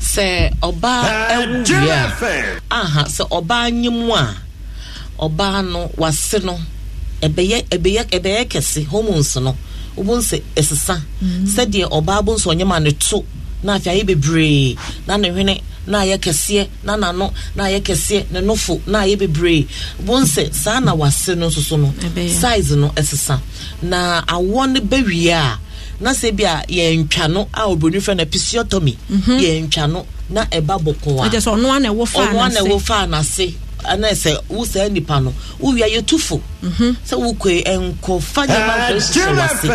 sɛ ɔbaa ɛwo wie
a
aha sɛ ɔbaa nye mu
a ɔbaa no wase no ɛbɛyɛ ɛbɛyɛ ɛbɛyɛ kɛse hormones no wɔn sɛ ɛsesa mm-hmm. sɛdeɛ ɔbaa bo nso ɔnyɛ ma ne to na afei ayɛ bebree na ne hwene na ayɛ kɛseɛ na n'ano na ayɛ kɛseɛ ne nofo na ayɛ bebree bonse sɛ saa na wase no nso no size no ɛsesa na awɔ ne bɛwie a na sɛ bi a yɛntwa no a obroni fɛ no episiotomy mhm. yɛntwa no na ɛba bɔkɔɔ a ɔno a na ɛwɔ fa anase anaasɛ wo saa nipa no wowia yɛtufo mhm. sɛ wokɔe nkɔfa nyɛma nkristo wase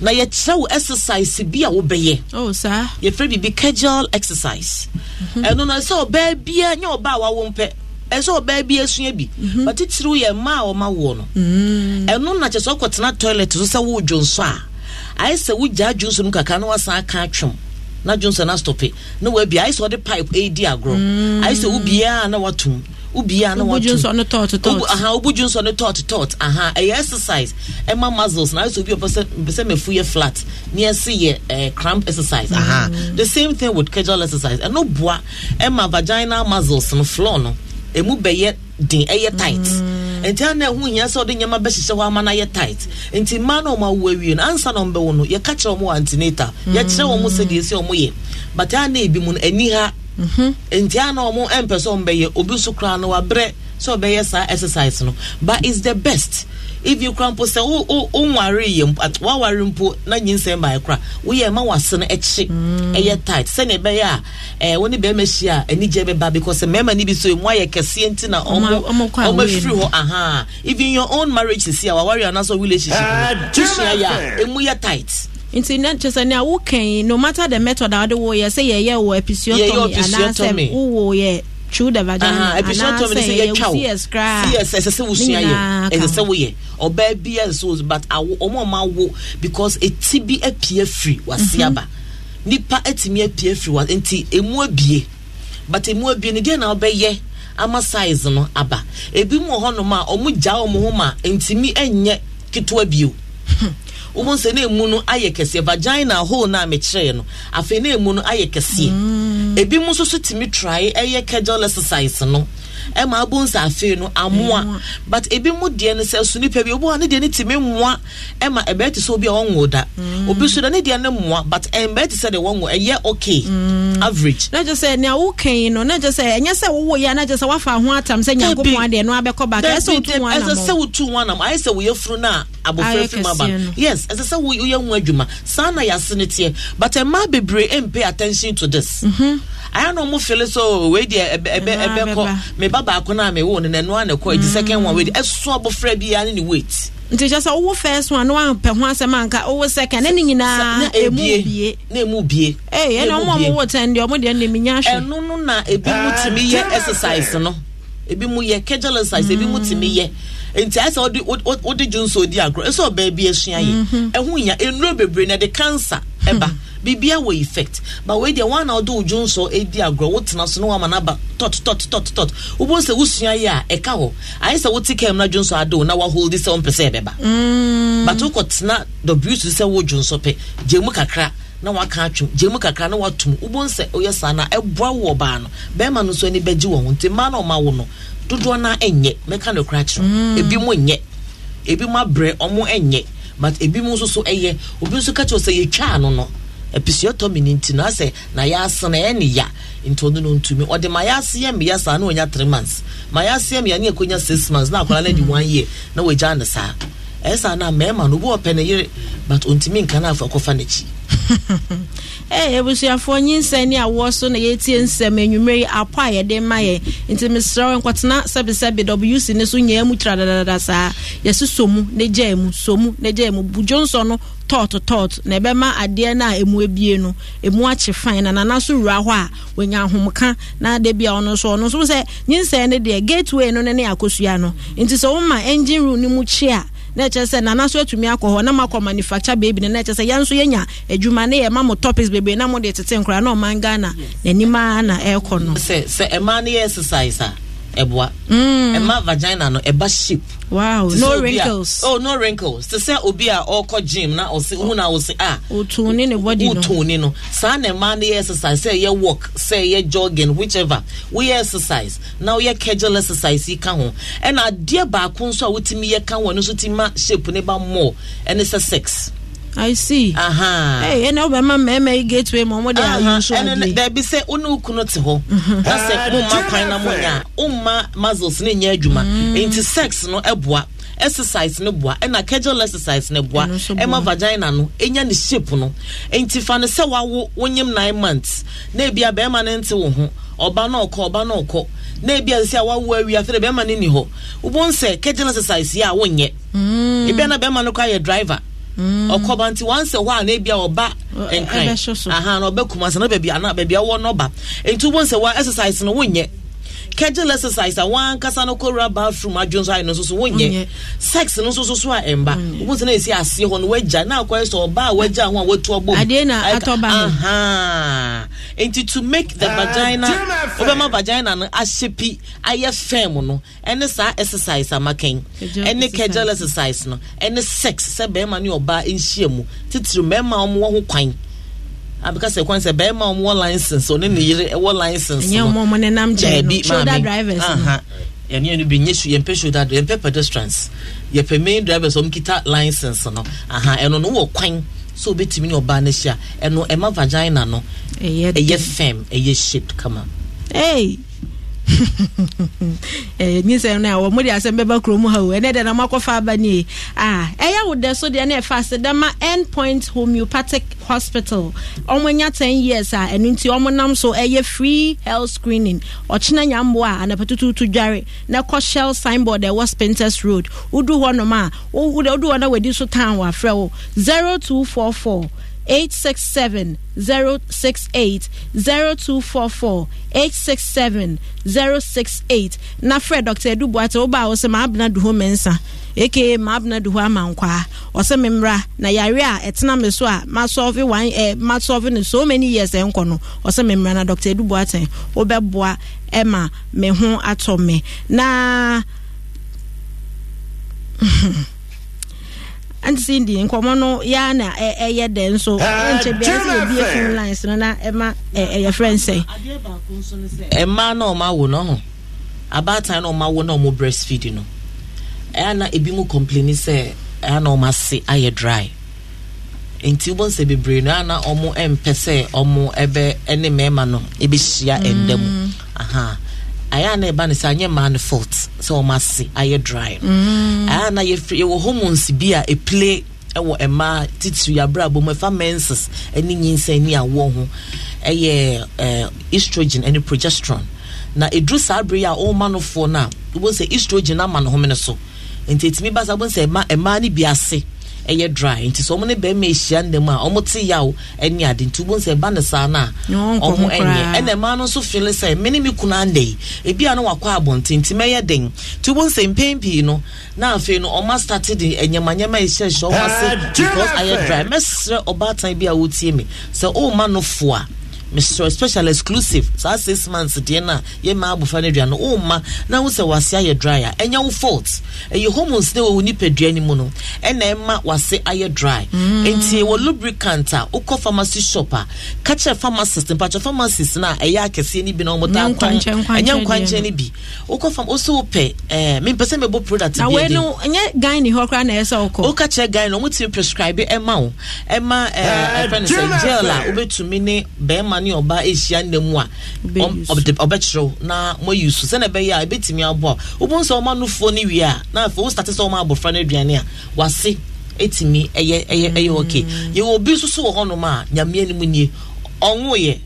na yɛkyerɛ wo exercise bi a wobɛyɛ oh, yɛfrɛ biribi casual exercise mhm. ɛno no sɛ ɔbaa biaa nyɛ ɔbaa wawo mpɛ ɛsɛ ɔbaa bi asua mhm. bi but titiriw yɛ ma a ɔma woɔ no mm. ɛno na kyɛ sɛ ɔkɔtena toilet so sɛ woredwo nso a ayɛ sɛ wogyaa dwo no kakra na wasan aka atwom na dwo no astɔpe na waabia ayɛ sɛ ɔde pipe ɛredi agorɔ mm. ayɛ sɛ wobiaa na watom wobia na wobu nso no tort tort aha wobu nso no tort tort aha ɛyɛ exercise ɛma muscles na ayɛ sɛ obi a ɔpɛ sɛ mafu yɛ flat ne ɛse yɛ ɛɛ cramp exercise aha mm. the same thing with casual exercise ɛno boa ɛma vaginal muscles no floor no emu bɛyɛ den ɛyɛ eh, tight mm. nti ana ɛho hia sɛ ɔde nneɛma bɛhyehyɛ hɔ ama no ayɛ tight nti mmaa na ɔmo awo awie no ansa na ɔmo bɛwo no yɛka kyerɛ ɔmo wɔ antenatal yɛkyerɛ mm. wɔn sɛdeɛ esi ɔmo yɛ but ana ebi mu no ani ha Mm-hmm. nti a na ɔmo mpɛ sɛ ɔmo bɛyɛ obi so koraa no wabrɛ sɛ ɔbɛyɛ saa exercise no but it's the best if you kura mpo sɛ wo wo wo nware yɛ mpo waware mpo na nyinsɛn baa kura woyɛ wase no mm. ɛyɛ tight sɛnea ɛbɛyɛ a ɛɛ eh, wɔne bɛrima hyia a anigye bɛba because mmarima ni bi so emu ayɛ kɛseɛ nti na ɔmo ɔmo afiri hɔ even your own marriage sisi a waware
nti ne kyerɛ sɛ nea wokan no matter the method a wode woyɛ sɛ yɛyɛ wɔ episiotomy anaasɛ wowoyɛ through the vagina anaasɛ yɛwɔ cs koraa cs ɛsɛ sɛ wosua yɛ
ɛsɛ sɛ woyɛ ɔbaa bi ɛsɛ sɛ but awo ɔmo ɔmo awo because eti bi apue firi wasi aba mhm. nipa etimi apue firi wa nti emu abie but emu abie ne deɛ na ɔbɛyɛ ama size no aba ebi mu wɔ hɔnom a ɔmo gya ɔmo ho ma ntumi nyɛ ketewa bio. Hmm wɔn sɛ ne mu no ayɛ kɛseɛ vagina hole na mekyerɛ no afei ne mu no ayɛ kɛseɛ hmm. ebi mu nso so tumi try ɛyɛ kegel exercise no. ɛma abo nsa afei no amoa but ebi mu deɛ no sɛ so nipa bi obi wa ne deɛ ne tìmi moa ɛma ɛbɛɛ ti sɛ obi a wɔnwo da obi so da ne deɛ ne moa but ɛnbɛɛ ti sɛ de wɔnwo ɛyɛ okay average.
na jɛ sɛ nea wokɛn no na jɛ sɛ ɛnyɛ sɛ wowɔ yɛ na jɛ sɛ wafa ho atam sɛ nyankopɔn adeɛ no abɛkɔ baaka ɛsɛ wotu ho anam ɛsɛ sɛ
wotu ho anam ayɛ sɛ woyɛ furu no a abɔfra fi mu aba yes ɛsɛ sɛ woyɛ ho adwuma saa na yɛase ne teɛ but mmaa bebree mpay attention to this ayɛ na ɔmo fele so wei deɛ ɛbɛ ɛbɛ ɛbɛ kɔ ba baako no a mewoo no na a na kɔe nti mm. second one wei ɛso abɔfra biara ne ne weight
nti kyɛ sɛ wowɔ first one na woampɛ ho asɛm anka wowɔ second ne ne nyinaa ɛmu
bie na ɛmu
bie ɛne ɔma mowɔ ten deɛ ɔmo deɛ ne menya hwɛ ɛno no na ebi mu tumi yɛ ah. exercise no ebi mu yɛ kegel
exercise ebi mu tumi yɛ nti ayɛ sɛ wode dwo nso odi agorɔ ɛsɛ ɔbaa bi asua yɛ mhm. ɛho nya nnuro bebree na ɛde cancer ɛba hmm. biribia wɔ effect but wei deɛ wɔn a ɔde odwo nso edi agorɔ wotena so na wɔn ama n'aba tɔt tɔt tɔt tɔt wobɔ sɛ wosua yɛ a ɛka hɔ ayɛ sɛ wote kɛm na dwo nso adew na waholdi sɛ wɔmpɛ sɛ ɛbɛba
hmm. but
wokɔ tena wsu sɛ wodwo nso pɛ gye mu kakra na waka atwom gye kakra na watum wobɔ sɛ ɔyɛ saa na ɛboa wo ɔbaa no bɛrima no nso ani bɛgye wɔn ho nti mmaa na ɔma wo no dodoɔ no ɛnyɛ mɛka no kora kyerɛ mm. ebi mu nyɛ ebi mu abrɛ ɔmo ɛnyɛ but ebi mu nso so ɛyɛ obi nso ka kyerɛ sɛ yɛtwa ano no episiotomy ne nti na sɛ na yɛasena ɛne ya nti ɔno no ntumi ɔde ma yɛase yɛ mmea saa na ɔnya three months ma yɛase yɛ mmea ne yɛkɔnya six months na akwadaa no adi one year na wɔagya no saa ɛyɛ na mmarima no obi wɔ pɛ ne yere but ɔntumi nka no afɔ akɔfa n'akyi
abusuafoɔ nyinsɛn ne awoɔ so na yɛtie nsɛm anwummerɛ yi apɔ a yɛde ma yɛ nti mesrɛ w nkɔtena sɛbesɛbe wc ne so nyɛa mu tra dadadada saa yɛsi somu ne gyae mu somu ne gyae mu budwonsɔ no tɔɔto tɔɔto na ɛbɛma adeɛ no a ɛmu abie no emu akye fan na nana so wura hɔ a wɔnya ahomka na da bi a ɔno nso ɔno nso sɛ nyinsɛn no deɛ gateway no ne ne akosua no nti sɛ woma engine room no mu kye a na ɛkyɛ sɛ nana so atumi akɔ hɔ na makɔ manufacture baabi no na ɛkyɛ sɛ yɛn nso yɛnya adwuma ne yɛma mo topics bebree na mode tete nkora na ɔman ghana n'anim a na ɛrekɔ no sɛ sɛ ɛmaa no yɛ exercise a ɛboa ɛma
mm. vagina no ɛba shape wow no wrinkles a, oh no wrinkles te sɛ obi a ɔkɔ gym na ɔsi hu na ɔsi a ah. otoni ne body no otoni no saa na ɛma no yɛ exercise sɛ ɛyɛ walk sɛ ɛyɛ jogging whichever woyɛ exercise na woyɛ kegel exercise yi ka ho ɛna adeɛ baako nso a wotumi yɛ ka ho ɛno nso ti ma shape ne ba more ɛne sɛ sex. I see. Aha. Hey, ɛna ɔbɛ ma mɛɛmɛ yi gateway ma ɔmo de ayi nso adi. Ɛna dɛbi sɛ ɔne okunu te hɔ. Mhm. Na sɛ ɔmma kwan na mo nya ɔmma muscles ne nyɛ adwuma. Mm. Nti sex no ɛboa. exercise no boa ɛna casual exercise no boa ɛma vagina no ɛnya ne shape no nti fa no sɛ wawo wonyim nine months na ebi a bɛrima no nte wo ho ɔba no ɔkɔ ɔba no ɔkɔ na ebi a sɛ wawo awi afei bɛrima no ni hɔ wobɔ nsɛ exercise yɛ a wonyɛ
mm. ebi a
na bɛrima no kɔ ayɛ driver. ɔkɔba mm. nti wansɛ hɔ a na ebia ɔba nkran ahan na ɔbɛ na baabi ana baabi awɔ na ɔba nti wɔn sɛ wɔ exercise no wɔnyɛ kegel exercise a wankasa no kɔwura bathroom adwo nso ayɛ no nso so wonyɛ mm, sex no nso so so a ɛmba wobɛtumi na ɛsi aseɛ hɔ no wagya na akɔyɛ sɛ ɔba a wagya ho a watu abɔm nti to make the ah, vagina wobɛma vagina no ahyɛ pi ayɛ fɛm no ɛne saa exercise a amakɛn ɛne kegel exercise no ɛne sex sɛ bɛrima ne ɔbaa nhyia mu titiri mmarima wɔn ho kwan abikasa kwan sɛ bɛrima ɔmo wɔ license ɔne ne yere ɛwɔ license no ɛnyɛ ɔmo ɔmo nenam gyɛn no shoulder drivers no yɛn yɛn bi nye su yɛn pɛ shoulder yɛn pedestrians yɛn pɛ main drivers ɔmo kita license no ɛno no wɔ kwan so obetumi ne ɔbaa ne hyia ɛno ɛma vagina no ɛyɛ fɛm ɛyɛ shaped kama.
Hey nyinsɛm eh, eh, no a eh, wɔ mode asɛm bɛba kurom ha o ɛnɛ dɛ na moakɔfa aba nie a ɛyɛ wo dɛ so deɛ ne ɛfa ase dama end point homeopathic hospital ɔmo 10 years a ah, ɛno nti ɔmo nam so ɛyɛ free health screening ɔkyena nyamboa a ah, anapɛtututu dware na kɔ shell signboard a ɛwɔ spinters road wodu hɔ nom a wodu hɔ na wadi so tan wafrɛ wo 0244 867 068 0244 867 068 na fred dr edu buate ụba ma abụna duho mensa ama nkwa ọsị m na yari a etena m so a ma sọvi wan no so many years e no na dr edu me ho me na. nti si ndi nkɔmɔ no ya na ɛyɛ dɛ nso nkyɛ bia si ebi efun lines no na ɛma ɛyɛ eh, eh, fɛn sɛ.
mmaa na ɔma wo no ho abaatan na ɔma wo na ɔmo breastfeed no ɛyà na ebi mu complain sɛ ɛyà na ɔmo ase ayɛ dry nti wobɔ nsɛ bebree no ana ɔmo mpɛ sɛ ɔmo ɛbɛ ɛne mmarima no ɛbɛhyia ɛnda mu Mm ayɛ a na ɛba no sɛ anyɛ maa no fault sɛ ɔma ase ayɛ dry no mm. ayɛ na yɛwɔ hormones bi a ɛpile ɛwɔ ɛmaa titiri abrabɔ mu ɛfa menses ɛne nyinsɛn ne awoɔ ho ɛyɛ ɛɛ estrogen ɛne progesterone na ɛduru saa abere yi a ɔma no foɔ no a sɛ estrogen ama no homene so nti etimi ba sa wɔn sɛ ɛmaa ɛmaa ne bi ase ɛyɛ dry nti sɛ ɔmo ne bɛrima ehyia nnam a ɔmo te yaw ɛne ade nti wɔn sɛ ba ne saa na ɔmo ɛnyɛ ɛna mmaa no nso fili sɛ mene mi kunu anda yi ebi ano no wakɔ abɔnten nti mɛyɛ den nti wɔn sɛ mpɛn pii no na afei no ɔmo asate de ɛnyɛma nyɛma ehyia ehyia ɔmo ase because ɛyɛ dry mɛsrɛ ɔbaatan bi a wotie mi sɛ ɔmo no foa. Mr. special exclusive saa six months deɛ no a yɛma abɔfra no aduane womma na wo sɛ wase ayɛ dry a ɛnyɛ wo fault ɛyɛ homos ne wɔwɔ nipadua no mu no ɛna ɛma wase ayɛ dry mm. nti wɔ lubricant a wokɔ pharmacy shop a ka kyerɛ pharmacist mpakyɛ pharmacist no a ɛyɛ akɛseɛ no bi na ɔmɔta ɛnyɛ nkwankyɛn no bi wokɔ fam wosɛ wopɛ eh, mempɛ sɛ mɛbɔ product biɛnyɛ
gan ne hɔ koraa na ɛɛ sɛ wokɔ woka kyerɛ gan no ɔmotumi prescribe ɛma
wo ɛma eh, eh, ɛfɛ no sɛ gel a wobɛtumi ne bɛrima ne ɔba ɛhyia nna mu a ɔbɛkyerɛw na moayi so sɛne ɛbɛyɛ a ɛbɛtumi aboa wobɛhu sɛ ɔma nofoɔ no wie a na afei wo state sɛ ɔma abɔfra no aduane a wase ɛtumi ɛyɛ ɛyɛ ɛyɛ mm. okay yɛwɔ obi nso so wɔ hɔnom a nyamea no nie ɔnwoyɛ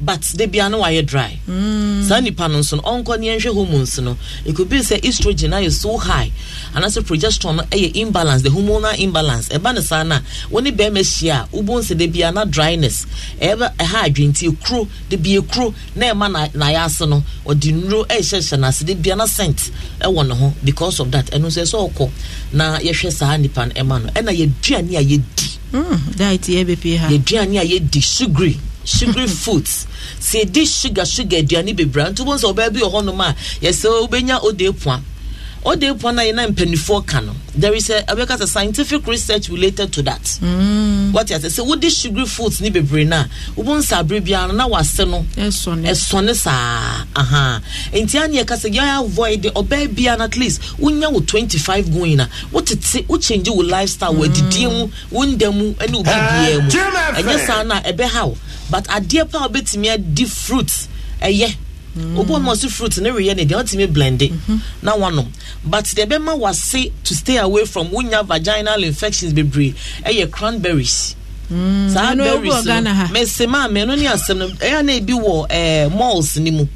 but debia no wayɛ dry
mm. saa
nipa no nso no ɔnkɔ ne yɛnhwɛ hormones no it could be sɛ estrogen ayɛ so high anaasɛ progestion no ɛyɛ imbalance the hormonal imbalance ɛba ne saa no a wone bɛrima hyia a wobɛhu sɛ da bia na dryness ɛha adwenti ekuro da bia ekuro na ɛma n'ayɛ ase no ɔde nnuro ɛhyɛhyɛ n'ase da bia na scent ɛwɔ ne ho because of that ɛno nso ɛsɛ ɔkɔ na yɛhwɛ saa nipa no ɛma no ɛna yɛduane a yɛdi mm, yɛduane a yɛdi sugary sugary foods sɛ yɛdi sugar sugar aduane bebree nti wobɛhu sɛ ɔbaa bi wɔ hɔnom a yɛsɛ wobɛnya ode poa all the upon na yɛna mpanimfoɔ ka no there is a ɛbɛka sɛ scientific research related to that
mm.
what yɛ sɛ sɛ wode sugary foods ne bebree no a wobɔ nsa abere biara no na wase no ɛsɔne saa aha nti a ne yɛka sɛ yɛa avoid the biara no at least wonya wo 25 going say? What change wo lifestyle mm. wadidie mu wo nda mu ne wo eh, bibiaa mu ɛnyɛ saa But a ɛbɛhaw but adeɛ me a wobɛtumi fruits. fruit ɛyɛ Mm-hmm. obi ọmọ si fruit ne reyɛ ne deɛ ɔtumi blendi mm-hmm. na wanom but deɛ bɛma wase to stay away from wonya vaginal infections bebree ɛyɛ
cranberries. Mm,
saa berries no mesema mmienu ne asɛm no ɛyɛ na ebi wɔ ɛɛ eh, malls ni mu.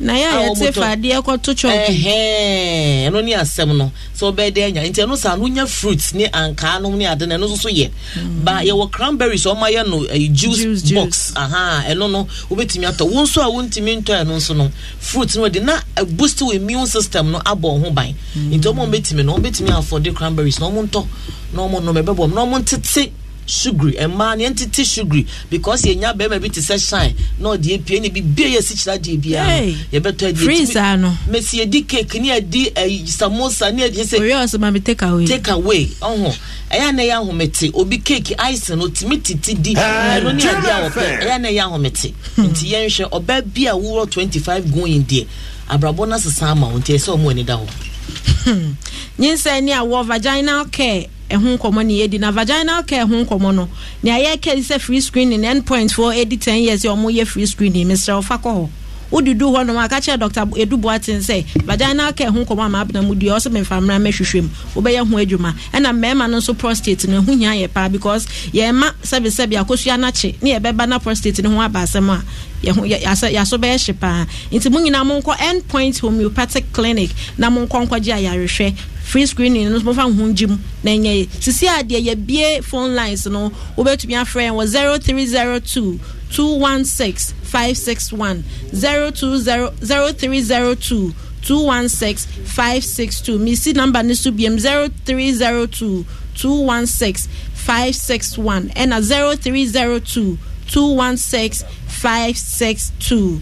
na yɛ a ah, te fadeɛ kɔto chɔnku. ɛhɛn ɛno ne asɛm no sɛ ɔbɛ de anya nti ɛno saa no nya fruit ne ankaa nom ne ade na ɛno nso yɛ mm. ba yɛwɔ cranberries ɔmo ayɛ no ɛyɛ eh, juice box ahan ɛno no wobɛtumi atɔ wɔn nso a wɔntumi ntɔ ɛno nso no fruit no de na eh, boost wɔ immune system no abɔ ɔho ban mm. nti ɔmo wɔn bɛtumi no wɔn bɛtumi afɔ cranberries na ɔmo ntɔ na ɔmo sugri mmaa ne ntete sugri because yɛnya bɛrima bi te sɛ shine na ɔde apue ne bibia yɛ si kyerɛ adeɛ biara yɛbɛtɔ adeɛ freezer no mesi yɛdi cake ne yɛdi samosa ne yɛdi sɛ oyɛ ɔsɛ maame take away take away ɔho ɛyɛ na ɛyɛ ahomete obi cake ice no tumi titi di ɛno ne adeɛ a wɔpɛ ɛyɛ na ɛyɛ ahomete nti yɛnhwɛ ɔbaa bi a wowɔ twenty five going deɛ abrabɔ no asesa ama wo nti ɛsɛ ɔmo ani da hɔ.
nyinsɛn ni awɔ vaginal care ɛho nkɔmɔ ne yɛdi na vaginal care ho nkɔmɔ no nea yɛka sɛ free screening end point foɔ ɛdi ten years yɛ ɔmo yɛ free screening mesrɛ ɔfa kɔ hɔ wodudu hɔ nom aka kyerɛ dr edu boaten sɛ vaginal care ho nkɔmɔ ama abena mu deɛ ɔsɛ mefa mmra mɛhwehwɛ mu wobɛyɛ ho adwuma ɛna mmarima no nso prostate no ɛho hia yɛ paa because yɛma sɛbesɛbe akosua nakye ne yɛbɛba na prostate no ho aba asɛm a yɛaso bɛyɛ hye paa nti mo nyinaa monkɔ end point homeopathic clinic na monkɔ nkɔgye ayarehwɛ free screening no mofa ho ngye mu na ɛnyɛ sisi a deɛ yɛbie phone lines no wobɛtumi afrɛ yɛn wɔ 0302 216 561 0302 216 562 mesi number needs to be 0302 216 561 ɛna 0302 216 562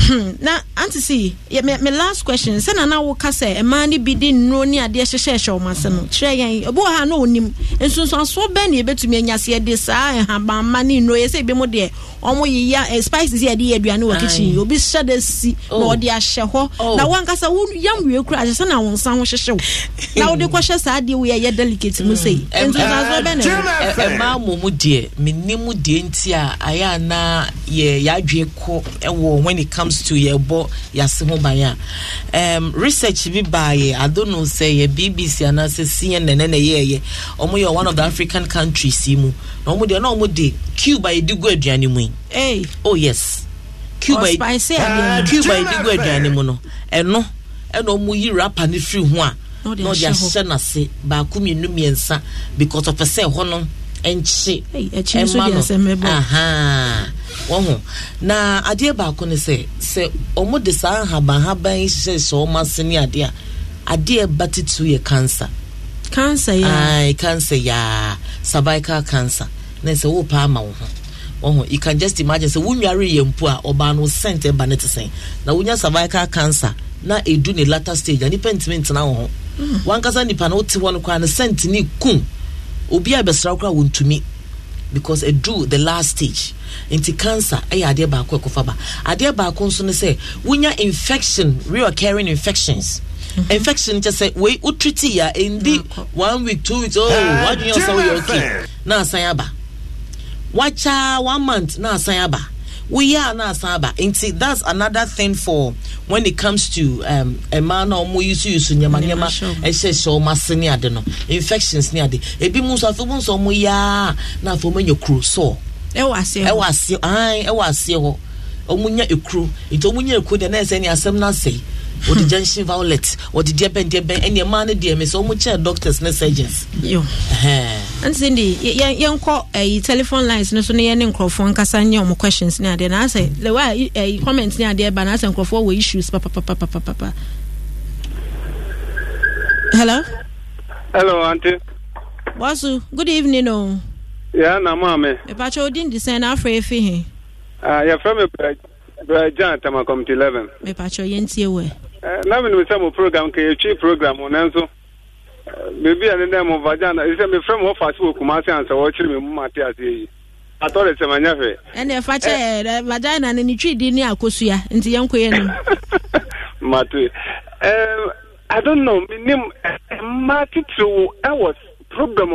Hmm, na anti si me, me last question sɛ nana woka sɛ ɛmaa no bi di nnuro ne adeɛ hyehyɛ hyɛ ase no kyerɛ yɛn wɔ ha na ɔnim nsonsansoɔ bɛn na yɛbɛtumi enya seɛ de saa nhabamma ne nnuro yɛ sɛ ebi mu deɛ ɔmo yiya eh, spices yɛ de yɛ aduane wɔ kitchen obi hyɛ si na oh. ɔde ahyɛ hɔ oh. na wankasa wo yam wie kura ahyɛ na wɔn nsa ho hyehyɛ wo na saa adeɛ wo yɛ yɛ delicate mu sɛ hmm. eh, bɛn
na a comes to yɛbɔ yɛase ho ban a um, research bi baayɛ adono sɛ yɛ bbc anaasɛ cnn na yɛɛyɛ ɔmo yɛ one of the african countries yi mu na ɔmo deɛ na ɔmo de cuba yɛdi gu aduane mu yi hey. oh yes cuba Cuba yɛdi gu aduane mu no ɛno ɛna ɔmo yi rapa ne firi ho a
na ɔde ahyɛ
n'ase baako mmienu mmiɛnsa because ɔpɛ sɛ ɛhɔ no ɛnkye
ɛma
no wɔho na adeɛ baako no sɛ sɛ ɔmo de saa nhabanhaban hyehyɛhyɛ ɔmo ase ne adeɛ a adeɛ ba titiri yɛ cancer cancer yɛ yeah. cancer yɛ cervical cancer na sɛ wɔpa ama wo ho ɔho you can just imagine sɛ wonware yɛ mpo a ɔbaa no sent ɛba ne te sɛn na wonya cervical cancer na edu ne latter stage a nipa ntumi ntena wo ho mm. wankasa nipa na wote hɔ no koraa no sent ne kum. obi a bɛsra koraa wɔntumi because do the last stage nti cancer ɛyɛ adeɛ baako ɛkɔfa ba adeɛ baako nso say, sɛ wonya infection reoccurring infections mm-hmm. infection we treat wei in the ɛndi one week two weeks oh do you say? okay na sayaba. Watch out. one month na sayaba. We woyɛ a na asan aba see that's another thing for when it comes to um, mmaa na wɔn yusu yusu nyɛma nyɛma ɛhyehyɛ wɔn ase ne ade no infections ne ade ebi mu nso afei mu nso wɔn yaa na afei wɔn anya kuro sɔɔ ɛwɔ aseɛ ɛwɔ aseɛ ɛwɔ aseɛ hɔ wɔn nya ekuro nti wɔn nya ekuro deɛ na ɛsɛ ne asɛm na asɛe wɔde junction violet wɔde deɛ bɛn deɛ bɛn ɛnna mmaa no deɛ mi sɛ wɔn kyɛ doctors ne surgeons.
yo nti ndi yɛn yɛn kɔ ɛyi telephone lines no so ni yɛn ne nkurɔfoɔ nkasa nye wɔn questions ne adeɛ na asɛ lewa ɛyi eh, comment ne adeɛ ba na asɛ nkurɔfoɔ wɔ issues papapapapapa. hello. hello aunty. wɔsu good evening o. Oh. yɛn na maame. ìpàtɛ e odin disɛn na afɔ efi hin. Ah, yɛfrɛ mi brɛ brɛ jan tamakɔmti eleven. ìpàtɛ e yɛn tie wɛ. Eh, na mene mo program yɛtwi
program nanso biribi eh, a ne dɛ mo na ɛsɛ mefrɛ mo ɔfa se wɔ kuma se ansa wɔkyere me mu mate aseɛ yi sɛ manyɛ hwɛ
ɛne ɛfa eh, vagina ne twidi ne nti yɛnkɔyɛ no
mate i don't know menim titiriw ɛwɔ problem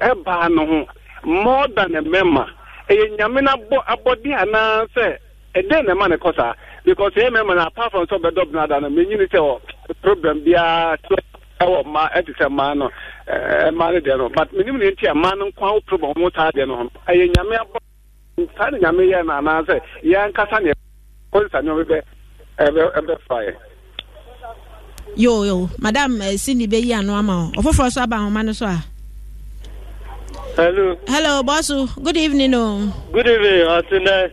ɛbaa no ho more than a ɛyɛ nyame no ɛdɛn na ɛma ne kɔ saa because ihe mere mana apart from sọ bɛdɔ bena no menyini sɛ uh, problem so ɛwɔ mma ɛte sɛ mmaa no mmaa uh, no deɛ no uh, but menim ne nti a mmaa no nkwa wo problem ho taa deɛ no ho ɛyɛ nyame abɔ saa ne nyame yɛ no anaasɛ yɛ ankasa neɛ kɔnsa nneɔma bɛ ɛbɛfa yɛ
yo yo madam uh, cindy bɛyi ano ama o oh, ɔfoforɔ so aba ahoma oh, no so a ah. hello hello bɔso oh, good evening o no.
good evening ɔtenɛ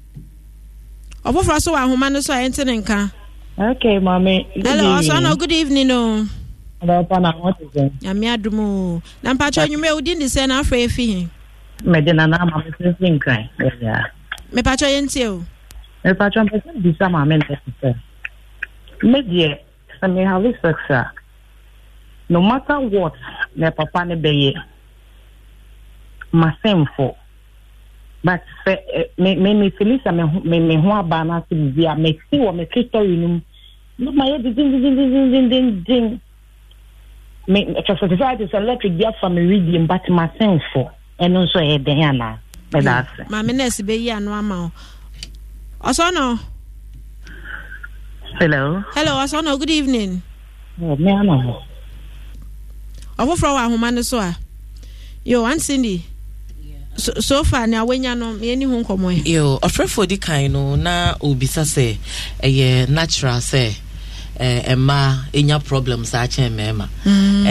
ɔfoforɔ so wɔ ahoma no so a ɛnte ne nka okay maame hello ɔsɔ na good evening no ɔdɔpa na wɔn te sɛ nyame adum o na mpatsɛ ɔnwuma ewu di ne sɛ na afɔ efi hi mɛdi nana ama mi sɛ fi nkran ɛyà mɛpatsɛ yɛn ti o mɛpatsɛ mpɛsɛ bisa maame na ɛte sɛ mɛdiɛ sɛ mɛhave sex a
no matter what na papa ne bɛyɛ masenfo. but sɛ eh, eh, me me me me me ho aba na bi a me si wɔ me ti story nim no ma yɛ dindin dindin dindin dindin me fɛsɛ fɛsɛ ayi ti sɛ electric bi afa mi ridi but mm. ma sɛn fɔ ɛno nso yɛ dɛn ana mɛ da
maame bɛ yi ama o ɔsɔnɔ. hello. hello ɔsɔnɔ good evening.
ɔ mɛ ama o.
wɔ ahoma no so a yo cindy. so far ne awanya no meɛni ho nkɔmmɔ ɛ ɔfrɛfoɔ di kan no na obisa
sɛ ɛyɛ natural sɛ ɛma ɛnya problem saa kyɛn mmarima mm.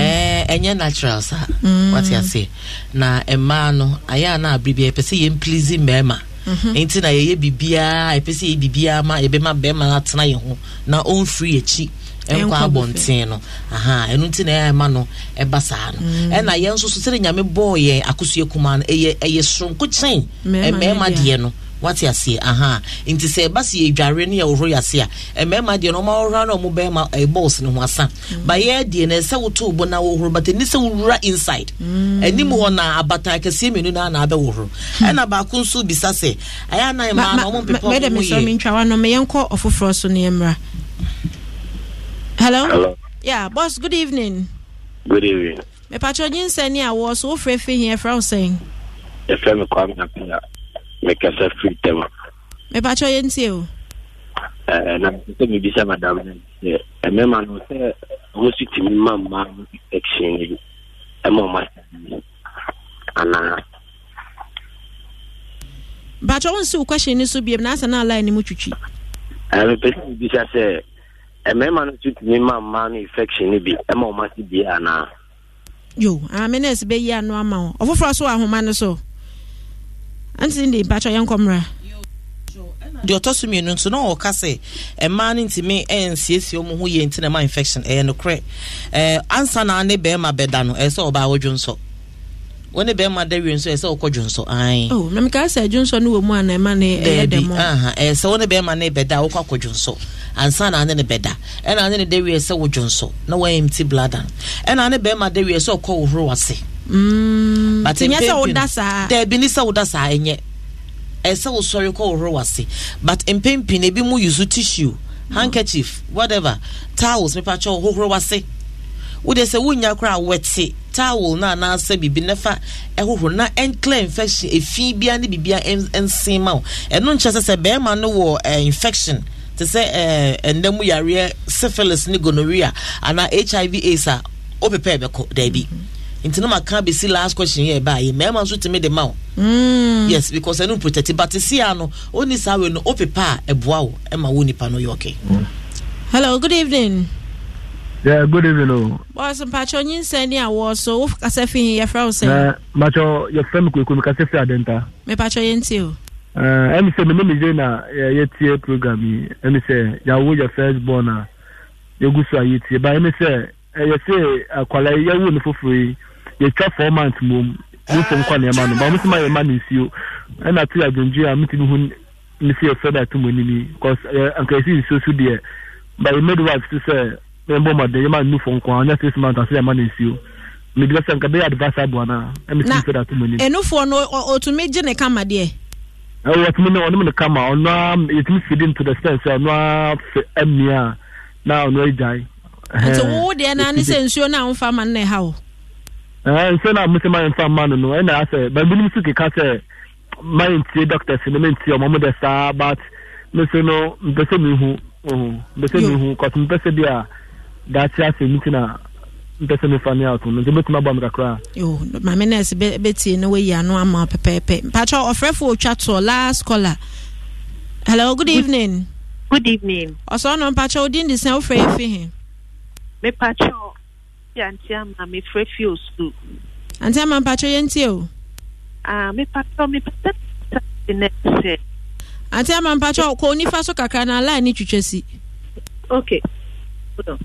ɛnyɛ natural saa
mm. wate aseɛ
na ɛmaa no ayɛ a na abere bia yɛpɛ sɛ yɛmplisi mmarima ɛnti mhm. na yɛyɛ biribiaa yɛpɛ sɛ yɛ biribiaa ma yɛbɛma ma no atena yɛ ho na ɔmfiri echi. ɛnkɔ abɔnten no aha ɛno nti na no ɛba saa no ɛna mm. yɛn nso so sɛde nyame bɔɔ akosua no ɛyɛ ɛyɛ soronko kyɛn mmarima deɛ no wate aseɛ aha nti sɛ ɛba sɛ yɛdware no a mmarima deɛ no ɔma no ɔmo bɛrima ɛbɔls no ho asa ba deɛ no bo na wɔhoro but ɛni sɛ inside anim mm. hɔ na abata kɛseɛ mmienu no ɛna hmm. baako nso bisa sɛ ɛyɛ na ɔmo mpepɔ mesɛ
mentwa wa no meyɛnkɔ ɔfoforɔ so ne hello. hello. yeah boss good evening. good evening. mepatro nyinsɛn ni awɔ so wofra fi hin ɛfra wo sɛn.
ɛfrɛ mi kwame apia mekasa firi tɛm.
mepatro yɛ ntie o.
ɛɛ na sɛ mebisa madam no ɛmɛma no sɛ wosi tumi ma mmaa no action yi ɛma ɔma anaa
batwa wo nsi wo question ni so biam na asa na ni mu twitwi
ɛmepɛ eh, sɛ mebisa se. Eh, mmarima no nso tumi ma mmaa no infection no bi ma wɔn ase die anaa.
yo ame ah, bɛyi ano ama wɔn ɔfoforɔ so wɔ ahoma no so de mpatsɔ yɛn deɛ ɔtɔ so mmienu nso na
ɔka sɛ mmaa no ntumi nsiesie wɔn ho yie ntina ma infection ɛyɛ eh, ansa na ne barima bɛda no ɔbaa wọn ne bɛrima da wie nso ɛsɛ e ɔkɔ dwonso an.
o oh, na mi ka sɛ dwonso no wɔ mu a na ɛma ne ɛyɛ dɛmɔ. ɛbi ɛsɛ wɔn ne bɛrima ne bɛda
ɔkɔ akɔ dwonso ansa na ane ne bɛda ɛna e ane ne da wie sɛ wɔ dwonso na wɔn empty bladder ɛna e ane bɛrima mm, da wie sɛ ɔkɔ wɔhoro wase.
bàtɛ mpempem nyɛ sɛ woda saa.
dɛbi ni sɛ woda saa ɛnyɛ ɛsɛ wosɔre kɔ wɔhoro wase but mpempem ebi mu yusu tissue handkerchief whatever towels mipatsɛ ɔhohoro wase. Mm wode sɛ wonya koraa wɔte towel no anaasɛ biribi na fa ɛhohoro na ɛnclear infection efi bia ne biribia nsen ma wo ɛno nkyɛ sɛ sɛ bɛrima no wɔ infection te sɛ ɛnna mu yareɛ syphilis ne gonoria, anaa hiv aids a wopepɛ bɛkɔ daabi nti no ka bɛsi last question yɛ ɛbaa yɛ mmarima nso tumi de ma wo yes because ɛno protective but si oh, a no ɔni saa we no wopepa a ɛboa wo
ma wo nipa no yɛ okay eh.
hello good evening
Yeah, good evening. o. Oh.
Boss, mpacho nyi nsɛn ni so fi hin yɛfrɛ wo sɛn. Ɛɛ mpacho mi mi fi ti o.
Ɛɛ ɛmi sɛ mi na program yi ɛmi sɛ yawo yɛ first born a yegu so a yɛtie ba ɛmi sɛ yɛsi akwara yi yɛwu ne foforo yi yɛtwa four months mu mu nso nkɔ nneɛma ma yɛ ma ne nsuo ɛna mi ti ɛbɔ ma den yɛ ma nufo nkwa ɔnyɛ six months ase yɛ ma na nsuo mebi sɛ nka bɛyɛ adivasa aboa na ɛmi si fɛ datu mu ni.
ɛnufoɔ no ɔtumi gye ne kama deɛ.
ɛwɔ ɔtumi ne ɔnum ne kama ɔnoa yɛtumi fidi nto the sense ɔnoa fɛ ɛmia na ɔnoa egyae. nti
wo deɛ na e, e, sɛ e. nsuo na nfa ma ne ha o.
ɛɛ nsuo na musa ma nfa ma no ɛna asɛ baabi ni musu keka sɛ ma yɛ ntie doctors ne ma yɛ ntie ɔmo mo de saa but ne so no mpɛsɛ mi hu mpɛsɛ mi hu kɔtun mpɛsɛ bi a. daakye ase mi tina mpɛsɛ mefa ne ato no nti mɛtumi abɔ me kakra
maame nurse bɛtie ne wayi ano ama pɛpɛɛpɛ mpakyɛ ɔfrɛfo ɔtwa toɔ last caller hello good evening good evening ɔsɔɔno mpakyɛ odi ndi sɛn wofrɛ yɛfi he mepakyɛ
yɛnte ama mefrɛ fi osu
ante ama mpakyɛ yɛntie o mepakyɛ mepɛsɛ nɛ sɛ ante ama mpakyɛ kɔ onifa so kakra na line ne twitwa si okay hold on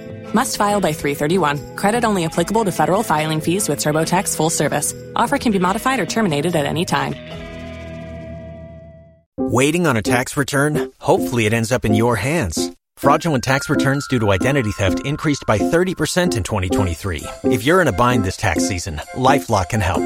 Must file by 331. Credit only applicable to federal filing fees with TurboTax full service. Offer can be modified or terminated at any time.
Waiting on a tax return? Hopefully, it ends up in your hands. Fraudulent tax returns due to identity theft increased by 30% in 2023. If you're in a bind this tax season, LifeLock can help.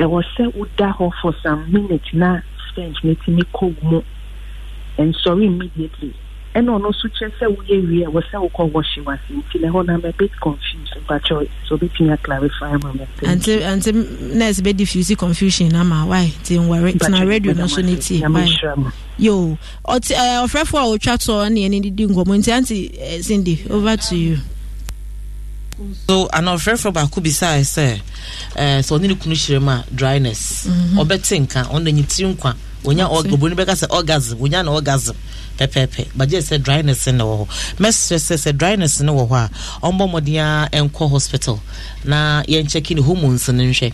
ɛwɔ sɛ woda hɔ for some minutes na spend ne ti ne kɔ mu nsɔre immediately ɛna ɔno nso kyerɛ sɛ woyɛ wie ɛwɔ sɛ wokɔ wɔhye wase nti na ɛhɔ na ma bit confused mpakyɛ uh, so obɛtumi aclarify ma
mante ante nurse bɛdifuse confusion na ma wae nti nware tena radio no so ne tie yo ɔfrɛfoɔ a wɔtwa toɔ ne ɛne didi nkɔmmɔ nti ante cindy over to you
so ana ɔfrɛfrɛ baako bisae sɛ eh, sɛ ɔne ne kunu hyerɛ mu a dryness mhm. ɔbɛte nka ɔno anyi tiri nkwa wonya oboni bɛka sɛ wonya na orgasm pɛpɛɛpɛ bagye sɛ dryness ne wɔ hɔ sɛ dryness ne wɔ hɔ a ɔmbɔ mmɔden ya ɛnkɔ hospital na nhwɛ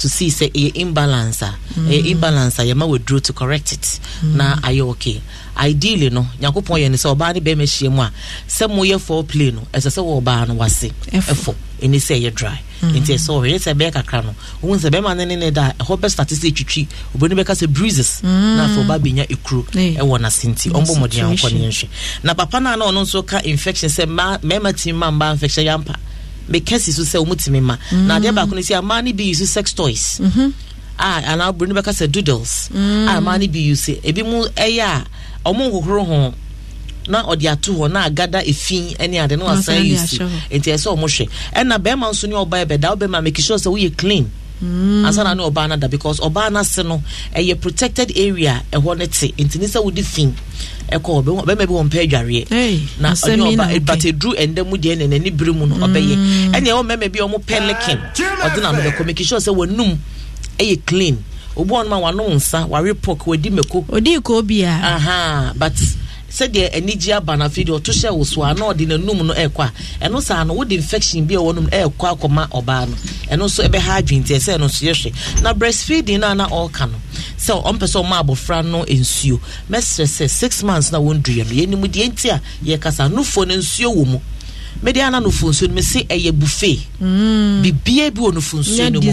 to see say ɛyɛ imbalance a ɛyɛ imbalance a mm. yɛma wɔduro to correct it mm. na ayɛ okay ideally no nyankopɔn yɛ ne sɛ ɔbaa ne bɛrima hyia mu a sɛ moyɛ four play no ɛsɛ sɛ wɔ ɔbaa no wase ɛfɔ ɛne sɛ ɛyɛ dry mm. nti ɛsɛ ɔhwɛ sɛ bɛyɛ kakra no wohu sɛ bɛrima no ne ne da ɛhɔ bɛstate sɛ ɛtwitwi obɛni bɛka sɛ bruises na afei ɔba bɛnya ɛkuro ɛwɔ nase nti ɔmbɔ mmɔden ankɔ ne yɛnhwɛ na papa no na ɔno nso ka infection sɛ mmarima tim ma mba infection yɛampa mekɛse so sɛ wɔmutumi ma mm. na adeɛ baako no si amaa no bi use sex toys mm-hmm. a anaa buroni bɛka sɛ doodles mm. a amaa no bi use e. ebi mu ɛyɛ a ɔmo nhohoro ho na ɔde ato hɔ na agada efin ɛne ade na wasan use nti ɛsɛ ɔmo hwɛ ɛna bɛrima nso ne ɔbaa yɛ bɛda ɔbɛrima make sɛ woyɛ clean.
Mm. ansa na ne
ɔbaa no da because ɔbaa no ase no ɛyɛ protected area ɛhɔ no te nti ne sɛ wode fi ɛkɔ bɛma bi wɔ mpɛ adwareɛ na ɔne ɔba but ɛduru ɛndɛ mu deɛ ne n'ani bere mu no ɔbɛyɛ mm. ɛne ɛwɔ mmɛma bi ɔmo pɛ lekin ah, ɔde na no bɛkɔ make sure sɛ wɔnum ɛyɛ clean obi ɔnom a wanom nsa ware pɔk wadi mako ɔdi kɔ bia aha but sɛdeɛ anigye aba no afei deɛ ɔto hyɛ wo so a na ɔde n'anum no ɛrekɔ a ɛno saa no wode infection bi a ɛwɔ no ɛrekɔ akɔma ɔbaa no ɛno nso ɛbɛha adwinteɛ sɛ ɛno nso yɛhwɛ na breastfeeding no a na ɔreka no sɛ ɔmpɛ sɛ ɔma abɔfra no nsuo mɛsrɛ sɛ six months na wɔnduiɛ no yɛnim deɛ nti a yɛkasa nofoɔ no nsuo wɔ mu mede ana no fonsuo no mese ɛyɛ buffet mm.
bibia bi wɔ no fonsuo no mu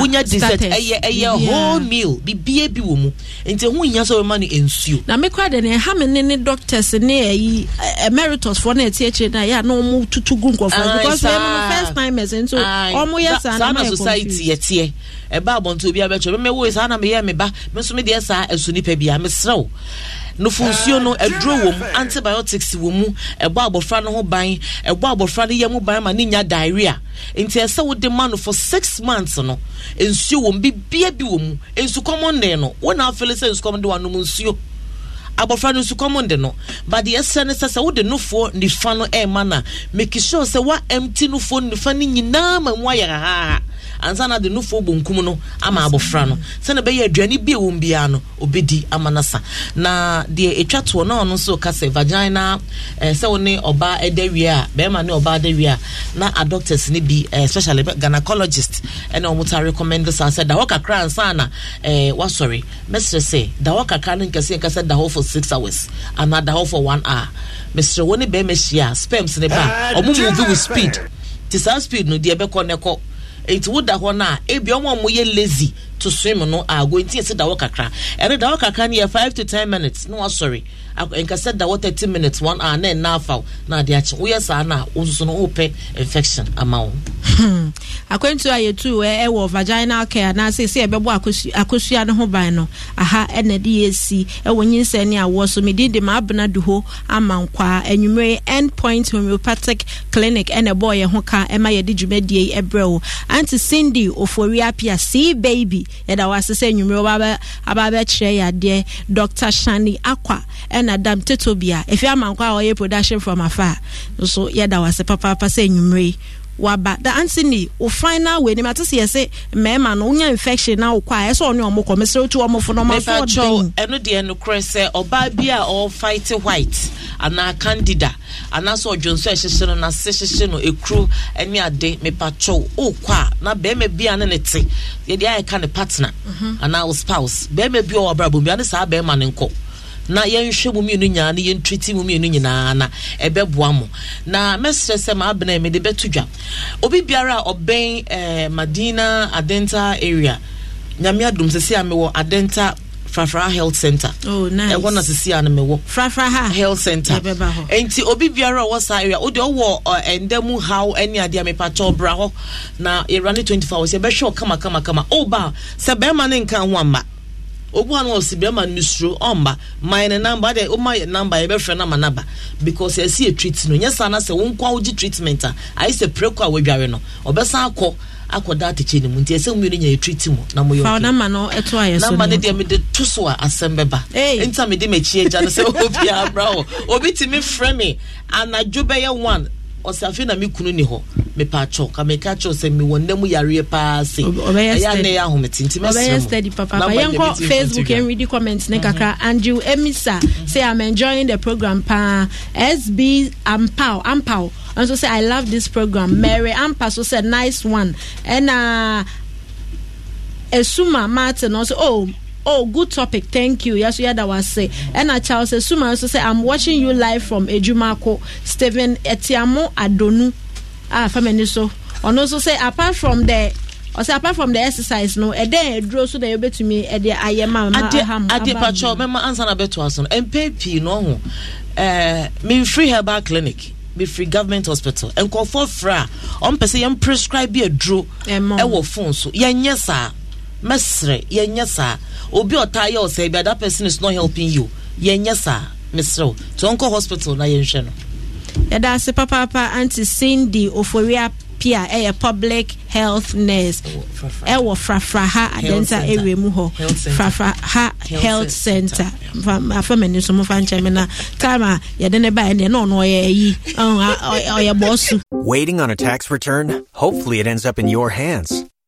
wonya dessert ɛyɛ ɛyɛ whole meal bibia bi wɔ mu nti ho nya sɛ wɔma no nsuo na mekora de ne ɛha ne ne doctors ne ɛyi emeritus foɔ no ɛte akyire no a yɛ a na ɔmo tutu gu nkɔfoɔ because mɛmu no first timers nso
ɔmo yɛ saa na ma yɛ society
yɛteɛ ɛba abɔnten obi abɛtwa mɛmɛ wo saa na meyɛ me ba mɛ nso medeɛ saa ɛso nipa bia mesrɛw nufunsuo no aduro ah, wɔ mu antibiotics wɔ mu ɛbɔ abɔfra no ho ban ɛbɔ abɔfra no yɛ mu ban ma ne nya diarrhea nti ɛsɛ wode ma no for six months no nsuo wɔ mu bibia bi wɔ mu nsukɔm nne no wɔn na afɛle sɛ nsukɔm de wɔn nsuo abɔfra no nsukɔm nde no but deɛ ɛsɛ no sɛ sɛ wode nufoɔ nifa no ɛɛma na make sɛ wa empty nufoɔ nifa no nyinaa ma mu ayɛ haha ansa na de nufoɔ bɔ nkum no ama abɔfra no sɛnɛ bɛyɛ aduane bi a wɔn no obɛdi ama no sa na deɛ etwa toɔ na ɔno nso kasa vagina ɛɛ eh, sɛ wɔne ɔbaa ɛda wie a bɛrima ne ɔbaa ɛda wie a na adɔctors ne bi eh, especially gynecologist ɛna wɔn ta recommend saa sɛ da hɔ kakra ansa na ɛɛ eh, wasɔre mɛsirɛ sɛ da hɔ kakra ne nkɛse nkɛse da hɔ for six hours anaa da hɔ for one hour mɛsirɛ wɔn ne bɛrima hyia sperms ne ba ah, ɔmo move with speed te saa speed no deɛ ɛbɛkɔ ne kɔ nti woda hɔ no a ah, ebi ɔmo a ɔmo yɛ lazy to swim no ago nti yɛsɛ dawɔ kakra ɛne dawɔ kakra no yɛ five to ten minutes na wasɔre nkasɛ dawɔ thirty minutes one hour na ɛna afaw na ade akye woyɛ saa na wososo no wopɛ infection ama wo
akwantu a yɛtu ɛwɔ vaginal care anaasɛ sɛ yɛbɛbɔ akosua no ho ban no aha ɛna de yɛsi ɛwɔ nyinsɛ ne awoɔ so medin de maabena du hɔ ama nkwaa anwummere end point homeopathic clinic ɛna ɛbɔɔ yɛ ho ka ɛma yɛde dwumadie yi ɛbrɛ wo ante cindy ofuori apia see baby yɛda wɔ ase sɛ nnwummerɛ ababɛkyerɛ dr shani akwa ɛna dam tetobia ɛfi amankɔ a ɔyɛ production from afa nso yɛda wɔ ase papaapa sɛ nnwummerɛ waba the anthony o final wei nim ate sɛ yɛsɛ mmarima no wonya infection na wokɔ a ɛsɛ ɔne ɔmo kɔ mesrɛ wotu ɔmofo no ɔmaso ɔden
ɛno deɛ nokorɛ sɛ ɔbaa bi a ɔfight white ana candida anaasɛ ɔdwo nso ɛhyehye no nase hyehye no ɛkuro ne ade mepatwɛw wokɔ a na bɛrima bi a ne ne te yɛde ayɛka ne partner mhm. ana wo spouse bɛrima bi a ɔwɔ abrabɔ bi a ne saa bɛrima ne nkɔ na yɛnhwɛ mu mmienu nyinaa na yɛntriti mu mmienu nyinaa na ɛbɛboa mo na mɛsrɛ sɛ ma abena mede bɛto dwa obi biara a ɔbɛn eh, madina adenta area nyame adom sɛ sɛ a mewɔ adenta frafra health center ɛhɔ oh, nice. na sisi a mewɔ frafra health center nti obi biara a ɔwɔ saa area wode ɔwɔ ɛndɛ eh, mu haw ne adeɛ a mepatɔ bra hɔ na yɛwura ne 24 hours yɛbɛhwɛ wo kama kama kama oba sɛ bɛrima ne nka ho amma ogu ano ɔsi bɛrima no misuro ɔmba mayi ne namba adeɛ ɔma yɛ namba yɛbɛfrɛ nama naba because yɛsi yɛ e treat no nyɛ saa na sɛ wɔn kɔ awogye treatment a ayi sɛ preko a wɔadware no ɔbɛsan akọ akɔda atɛkyɛ ne mu nti ɛsɛ mu yɛ nyɛ treat mu na mo yɛ ɔkɛ namba
no ɛto ayɛ so namba ne deɛ
mede to so a asɛm bɛba nta mede m'akyi agya no sɛ obi abra hɔ obi tumi frɛ me anadwo bɛyɛ one ɔsɛ afei na me kunu ni hɔ mepa atwɔ ka meka atwɔ sɛ mewɔ nnɛ mu yareɛ paa se ɛyɛ ne yɛ ahomete nti mɛsrɛmyɛnkɔ facebook ɛnredi
comment ne kakra mhm. andrew emisa say i'm enjoying the program paa sb ampaw ampaw nso sɛ i love this program mary ampa so sɛ nice one ɛna esuma martin ɔso oh oh good topic thank you yes yeah that was say and I child says suma also say i'm watching you live from ejumako stephen etiamo adonu ah family so and also say apart from the I say apart from the exercise no And ɛdɛn aduro so na yɛbɛtumi ɛde ayɛ ma ma aham
adeɛ patwɛ mɛma ansa na bɛto aso no mpɛn pii no ɔho eh, me free herbal clinic me free government hospital nkɔfoɔ fra a ɔmpɛ sɛ yɛn prescribe bi aduro ɛwɔ phone so yɛnyɛ saa yɛnyɛ saa obi yɛ bi person is not helping you yɛnyɛ saa hospital na yɛnhwɛ
no. yɛda ase papaapa anti cindy pia ɛyɛ public health nurse ɛwɔ mu hɔ health center afa mani so mofa na time a yɛde ne deɛ ɔno ɔyɛ ayi ɔyɛ
waiting on a tax return hopefully it ends up in your hands